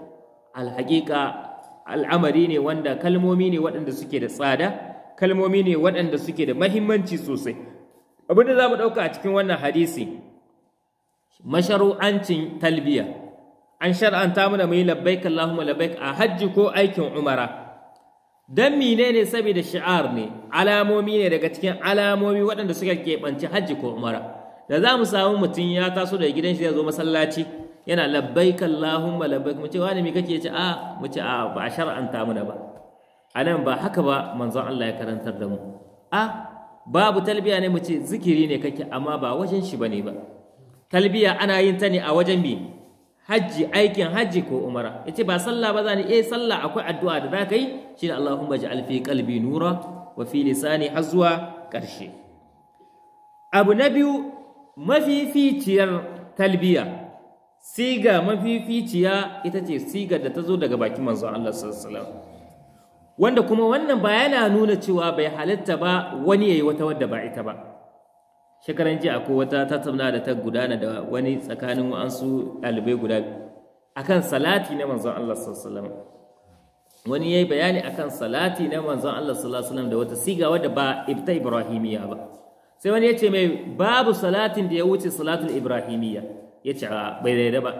alhaƙiƙa al'amari ne wanda kalmomi ne waɗanda suke da tsada kalmomi ne waɗanda suke da mahimmanci sosai abin da za mu ɗauka a cikin wannan hadisi masharu'ancin talbiya an shar'anta mana mu yi labbaik Allahumma labbaik a hajji ko aikin umara Dan mine ne saboda shi'ar ne alamomi ne daga cikin alamomi waɗanda suka keɓanci hajji ko umara da za mu samu mutum ya taso daga gidan shi ya zo masallaci yana labbaik Allahumma labbaik mu ce wani me kake ce a mu ce a ba shar'anta mu ba anan ba haka ba manzon Allah ya karantar da mu a babu talbiya ne mu ce zikiri ne kake amma ba wajen shi bane ba talbiya ana yin ta ne a wajen me hajji aikin hajji ko umara yace ba sallah ba zani eh sallah akwai addu'a da za ka yi shine Allahumma ja'al fi qalbi nura wa fi lisani hazwa karshe abu na biyu mafificiyar talbiya siga mafificiya ita ce sigar da ta zo daga bakin manzo Allah sallallahu wanda kuma wannan ba yana nuna cewa bai halatta ba wani yayi wata wadda ba ita ba shekaran jiya akwai wata tattauna da ta gudana da wani tsakanin wa'ansu ɗalibai guda akan salati na manzon Allah sallallahu wani yayi bayani akan salati na manzon Allah sallallahu da wata siga wadda ba ibta ibrahimiya ba sai wani ya ce mai babu salatin da ya wuce salatul ibrahimiyya ya ce a, bai daidai ba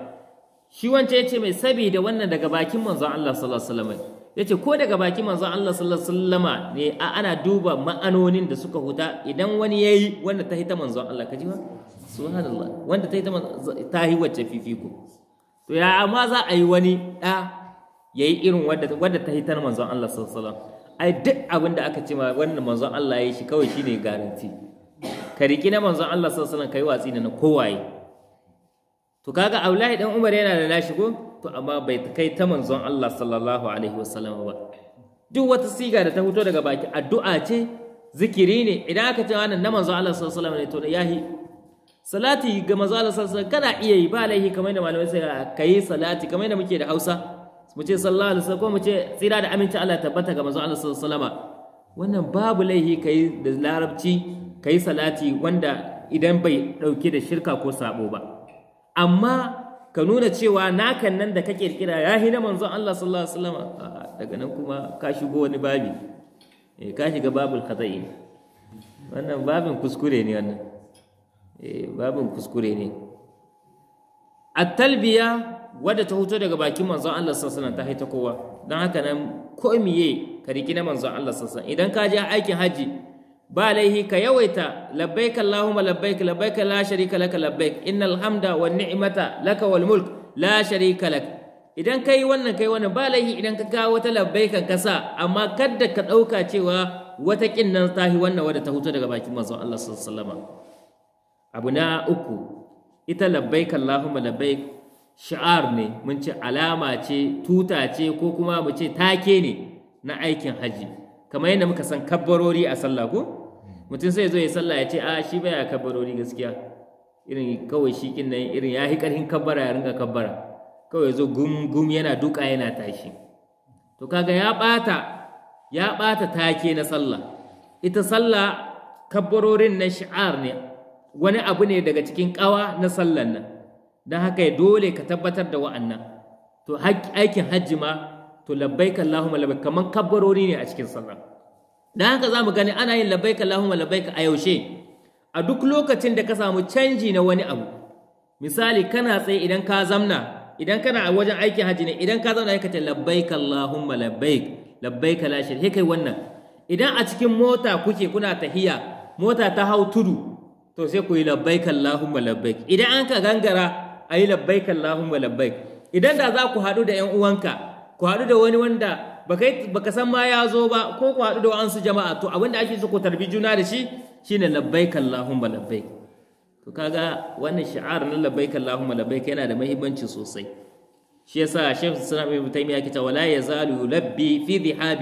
shi wance ya ce mai da wannan daga bakin manzon Allah sallallahu alaihi wasallam ya ce ko daga bakin manzon Allah sallallahu alaihi wasallam ne a ana duba ma'anonin da suka huta idan wani yayi wanda ta hita manzon Allah kaji ba subhanallah wanda ta hita ta hi wacce fifiko to ya amma za a yi wani da yayi irin wanda wanda ta hita manzon Allah sallallahu alaihi wasallam ai duk abin da aka ce ma wannan manzon Allah ya yi shi kawai shine garanti ka riƙi na manzon Allah sallallahu alaihi wasallam kai watsi da na kowaye to kaga Abdullahi dan Umar yana da nashi ko to amma bai kai ta manzon Allah sallallahu alaihi wasallam ba duk wata siga da ta fito daga baki addu'a ce zikiri ne idan aka ce wannan na manzon Allah sallallahu alaihi wasallam ne to yahi salati ga manzon Allah sallallahu alaihi wasallam kana iya yi ba laihi kamar da malamai sai kai salati kamar da muke da Hausa mu ce sallallahu alaihi wasallam ko mu ce tsira da aminci Allah tabbata ga manzon Allah sallallahu alaihi wasallam wannan babu laihi kai da larabci ka yi salati wanda idan bai ɗauke da shirka ko sabo ba amma ka nuna cewa nakan nan da ka ƙirƙira, ya yi na manzon Allah sallallahu alaihi wasallam daga nan kuma ka shigo wani babi eh ka shiga babul khata'i wannan babin kuskure ne wannan eh babin kuskure ne at-talbiya wadda ta huto daga bakin manzon Allah sallallahu alaihi wasallam ta haita kowa dan haka nan ko miye ka riki na manzon Allah sallallahu alaihi wasallam idan ka je aikin haji ba laihi ka yawaita labbaik Allahumma labbaik labbaik la sharika laka labbaik innal hamda wan ni'mata laka wal mulk la sharika lak idan kai wannan kai wannan ba laihi idan ka kawo wata ka sa amma kadda ka dauka cewa wata kinnan tahi wannan wadda ta huto daga bakin manzo Allah sallallahu alaihi wasallam abu na uku ita labbaik Allahumma labbaik shi'ar ne mun ce alama ce tuta ce ko kuma mu ce take ne na aikin hajji kamar yadda muka san kabbarori a sallah ko mutum sai zo ya sallah ya ce a shi baya kabbarori gaskiya irin kawai shi kin nan irin ya yi karhin kabbara ya ringa kabbara kawai zo gum gum yana duka yana tashi to kaga ya bata ya bata take na sallah ita sallah kabbarorin na shi'ar ne wani abu ne daga cikin kawa na sallan nan don haka dole ka tabbatar da wa'annan to aikin hajji ma to labbaika Allahumma labbaik kaman kabbarori ne a cikin sallah dan haka zamu gani ana yin labbaika Allahumma labbaik a yaushe a duk lokacin da ka samu canji na wani abu misali kana tsaye idan ka zamna idan kana a wajen aikin haji ne idan ka zauna ka ce labbaika Allahumma labbaik labbaika la sharika kai wannan idan a cikin mota kuke kuna tahiya mota ta hau tudu to sai ku yi labbaika Allahumma labbaik idan an ka gangara ayi labbaika Allahumma labbaik idan da za ku haɗu da ƴan uwanka ku haɗu da wani wanda ba ka san ma ya zo ba ko ku haɗu da wa'ansu jama'a to abinda ake so ku tarbi juna da shi shine labbaik ma labbai to kaga wannan shi'ar na labbaik ma labbai yana da mahimmanci sosai shi yasa Sheikh Islam ya Taymiyyah ta wala ya zalu labbi fi ya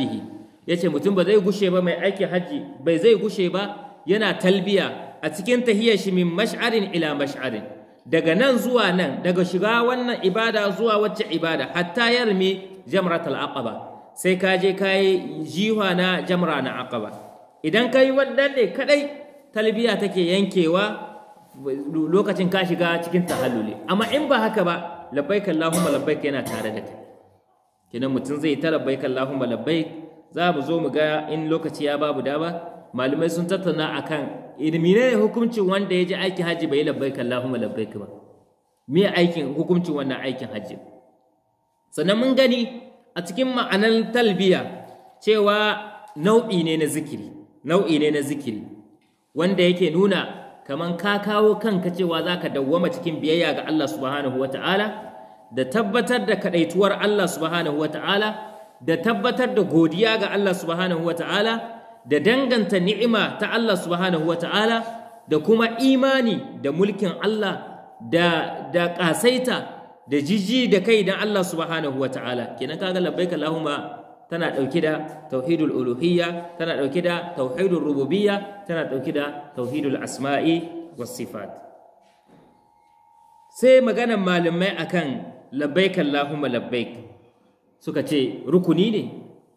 yace mutum ba zai gushe ba mai aiki hajji. bai zai gushe ba yana talbiya a cikin tahiyar shi min mash'arin ila mash'arin daga nan zuwa nan daga shiga wannan ibada zuwa wacce ibada hatta yarmi Jamrat aqaba sai ka je ka yi jiwa na jamra na aqaba idan ka yi wannan ne kadai talbiya take yankewa lokacin ka shiga cikin tahalluli amma in ba haka ba labbaik allahumma labbaik yana tare da kai kenan mutum zai ta labbaik allahumma labbaik za mu zo mu ga in lokaci ya babu da ba malamai sun tattauna akan ilmi ne hukuncin wanda ya ji aiki haji bai labbaik allahumma labbaik ba me aikin hukuncin wannan aikin hajji sannan mun gani a cikin ma'anar talbiya cewa nau'i ne na zikiri nau'i ne na zikiri wanda yake nuna kamar ka kawo kanka cewa za ka dawwama cikin biyayya ga Allah subhanahu wa da tabbatar da kadaituwar Allah subhanahu wa da tabbatar da godiya ga Allah subhanahu wa da danganta ni'ima ta Allah subhanahu wa da kuma imani da mulkin Allah da da kasaita da jiji da kai dan Allah subhanahu wa ta'ala kenan kaga labbaika Allahumma tana dauke da tauhidul uluhiyya tana dauke da tauhidul rububiyya tana dauke da tauhidul asma'i was sifat sai maganan malamai akan labbaika Allahumma labbaik suka ce rukuni ne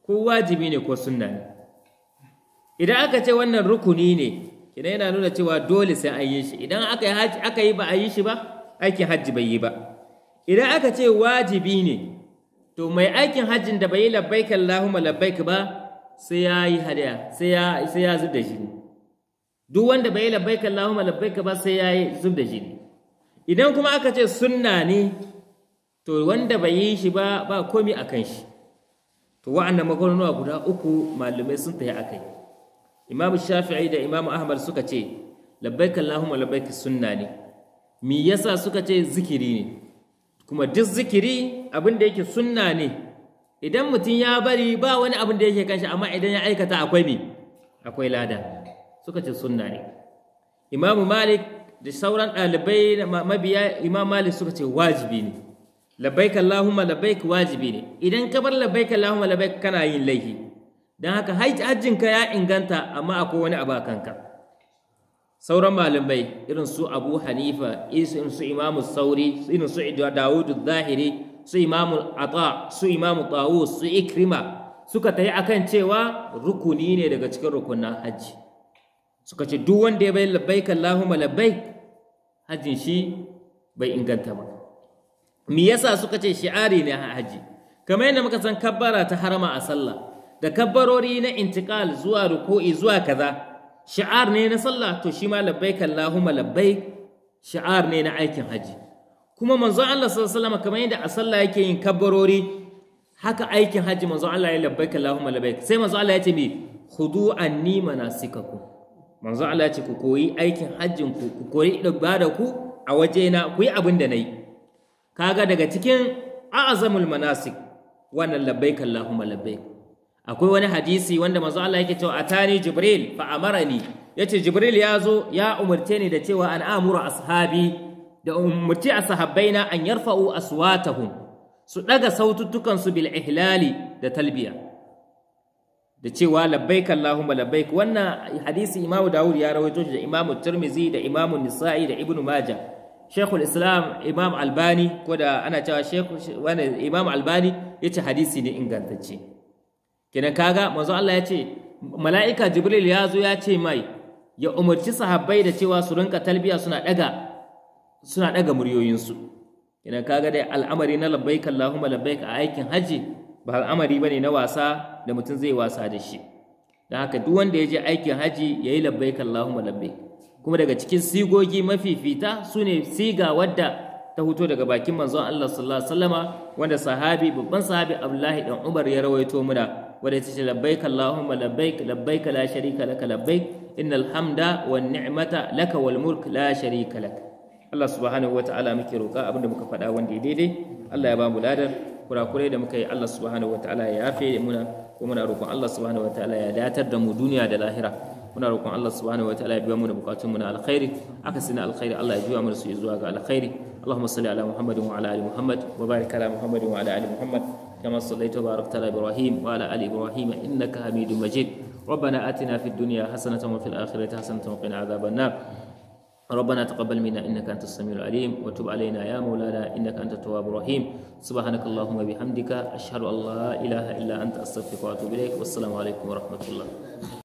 ko wajibi ne ko sunna ne idan aka ce wannan rukuni ne idan yana nuna cewa dole sai an yi shi idan aka yi ba a yi shi ba aikin hajji bai yi ba idan aka ce wajibi ne to mai aikin hajjin da bai yi labbaik Allahumma labbaik ba sai ya yi hadiya sai ya sai ya zub da jini duk wanda bai yi labbaik Allahumma labbaik ba sai ya yi zub da jini idan kuma aka ce sunna ne to wanda bai yi shi ba ba komi akan shi to wa'annan maganganuwa guda uku malumai sun tafi akai imamu Shafi'i da imamu Ahmad suka ce labbaika Allahumma labbaik sunna ne me yasa suka ce zikiri ne kuma duk zikiri abin da yake sunna ne idan mutum ya bari ba wani abin da yake kanshi amma idan ya aikata akwai me akwai lada suka ce sunna ne imamu malik da sauran ɗalibai da mabiya imam malik suka ce wajibi ne labbaik allahumma labbaik wajibi ne idan ka bar labbaik allahumma labbaik kana yin laifi dan haka hajjinka ya inganta amma akwai wani abakanka. sauran malamai irin su abu hanifa irin su imamu sauri irin su dawudu zahiri su imamu ata su imamu tawo su ikrima suka a akan cewa rukuni ne daga cikin rukunan hajji suka ce duk wanda ya bai labbaik allahumma labai, hajjin shi bai inganta ba mi yasa suka ce shi'ari ne a hajji kamar yadda muka san kabbara ta harama a sallah da kabbarori na intiqal zuwa ruku'i zuwa kaza shi'ar ne na sallah to shi ma labbaik Allahumma labbaik shi'ar ne na aikin haji kuma manzo Allah sallallahu alaihi wasallam kamar yadda a sallah yake yin kabbarori haka aikin haji manzo Allah ya labbaik Allahumma labbaik sai manzo Allah ya ce me khudu anni manasikaku manzo Allah ya ce ku koyi aikin hajjin ku ku koyi ibada ku a wajena ku yi abin da nayi kaga daga cikin a'zamul manasik wannan labbaik Allahumma labbaik akwai wani hadisi wanda mazu Allah yake cewa atani jibril fa amarani yace jibril ya zo ya umarce ni da cewa an amura ashabi da umarci sahabbaina an yarfa'u aswatahum su daga saututtukan su bil ihlali da talbiya da cewa labbaik allahumma labbaik wannan hadisi imamu dawud ya rawaito shi da imamu tirmizi da imamu nisa'i da ibnu majah shekul islam imam albani ko da ana cewa shekul wani imam albani yace hadisi ne ingantacce kenan kaga manzo Allah ya ce mala'ika jibril ya zo ya ce mai ya umarci sahabbai da cewa su rinka talbiya suna daga suna daga muryoyinsu kenan kaga dai al'amari na labbaik Allahumma labbaik a aikin haji ba al'amari bane na wasa da mutum zai wasa da shi don haka duk wanda ya je aikin haji yayi labbaik Allahumma labbaik kuma daga cikin sigogi mafi mafifita sune siga wadda ta hoto daga bakin manzon Allah sallallahu alaihi wasallama wanda sahabi babban sahabi Abdullahi dan Umar ya rawaito muna wadda ta ce labbaik Allahumma labbaik labbaik la sharika laka labbaik innal hamda wan ni'mata laka wal mulk la sharika lak Allah subhanahu wa ta'ala muke roƙa abinda muka faɗa wanda ya daidai Allah ya ba mu ladar kurakurai da muka yi Allah subhanahu wa ta'ala ya yafe muna kuma muna roƙon Allah subhanahu wa ta'ala ya datar da mu duniya da lahira muna roƙon Allah subhanahu wa ta'ala ya biya mu da bukatun mu na alkhairi aka sina alkhairi Allah ya biya mu su zuwa ga alkhairi Allahumma salli ala Muhammadin wa ala ali Muhammad wa barik ala Muhammadin wa ala ali Muhammad كما صليت وباركت على إبراهيم وعلى آل إبراهيم إنك حميد مجيد ربنا آتنا في الدنيا حسنة وفي الآخرة حسنة وقنا عذاب النار ربنا تقبل منا إنك أنت السميع العليم وتب علينا يا مولانا إنك أنت التواب الرحيم سبحانك اللهم وبحمدك أشهد أن لا إله إلا أنت أستغفرك وأتوب إليك والسلام عليكم ورحمة الله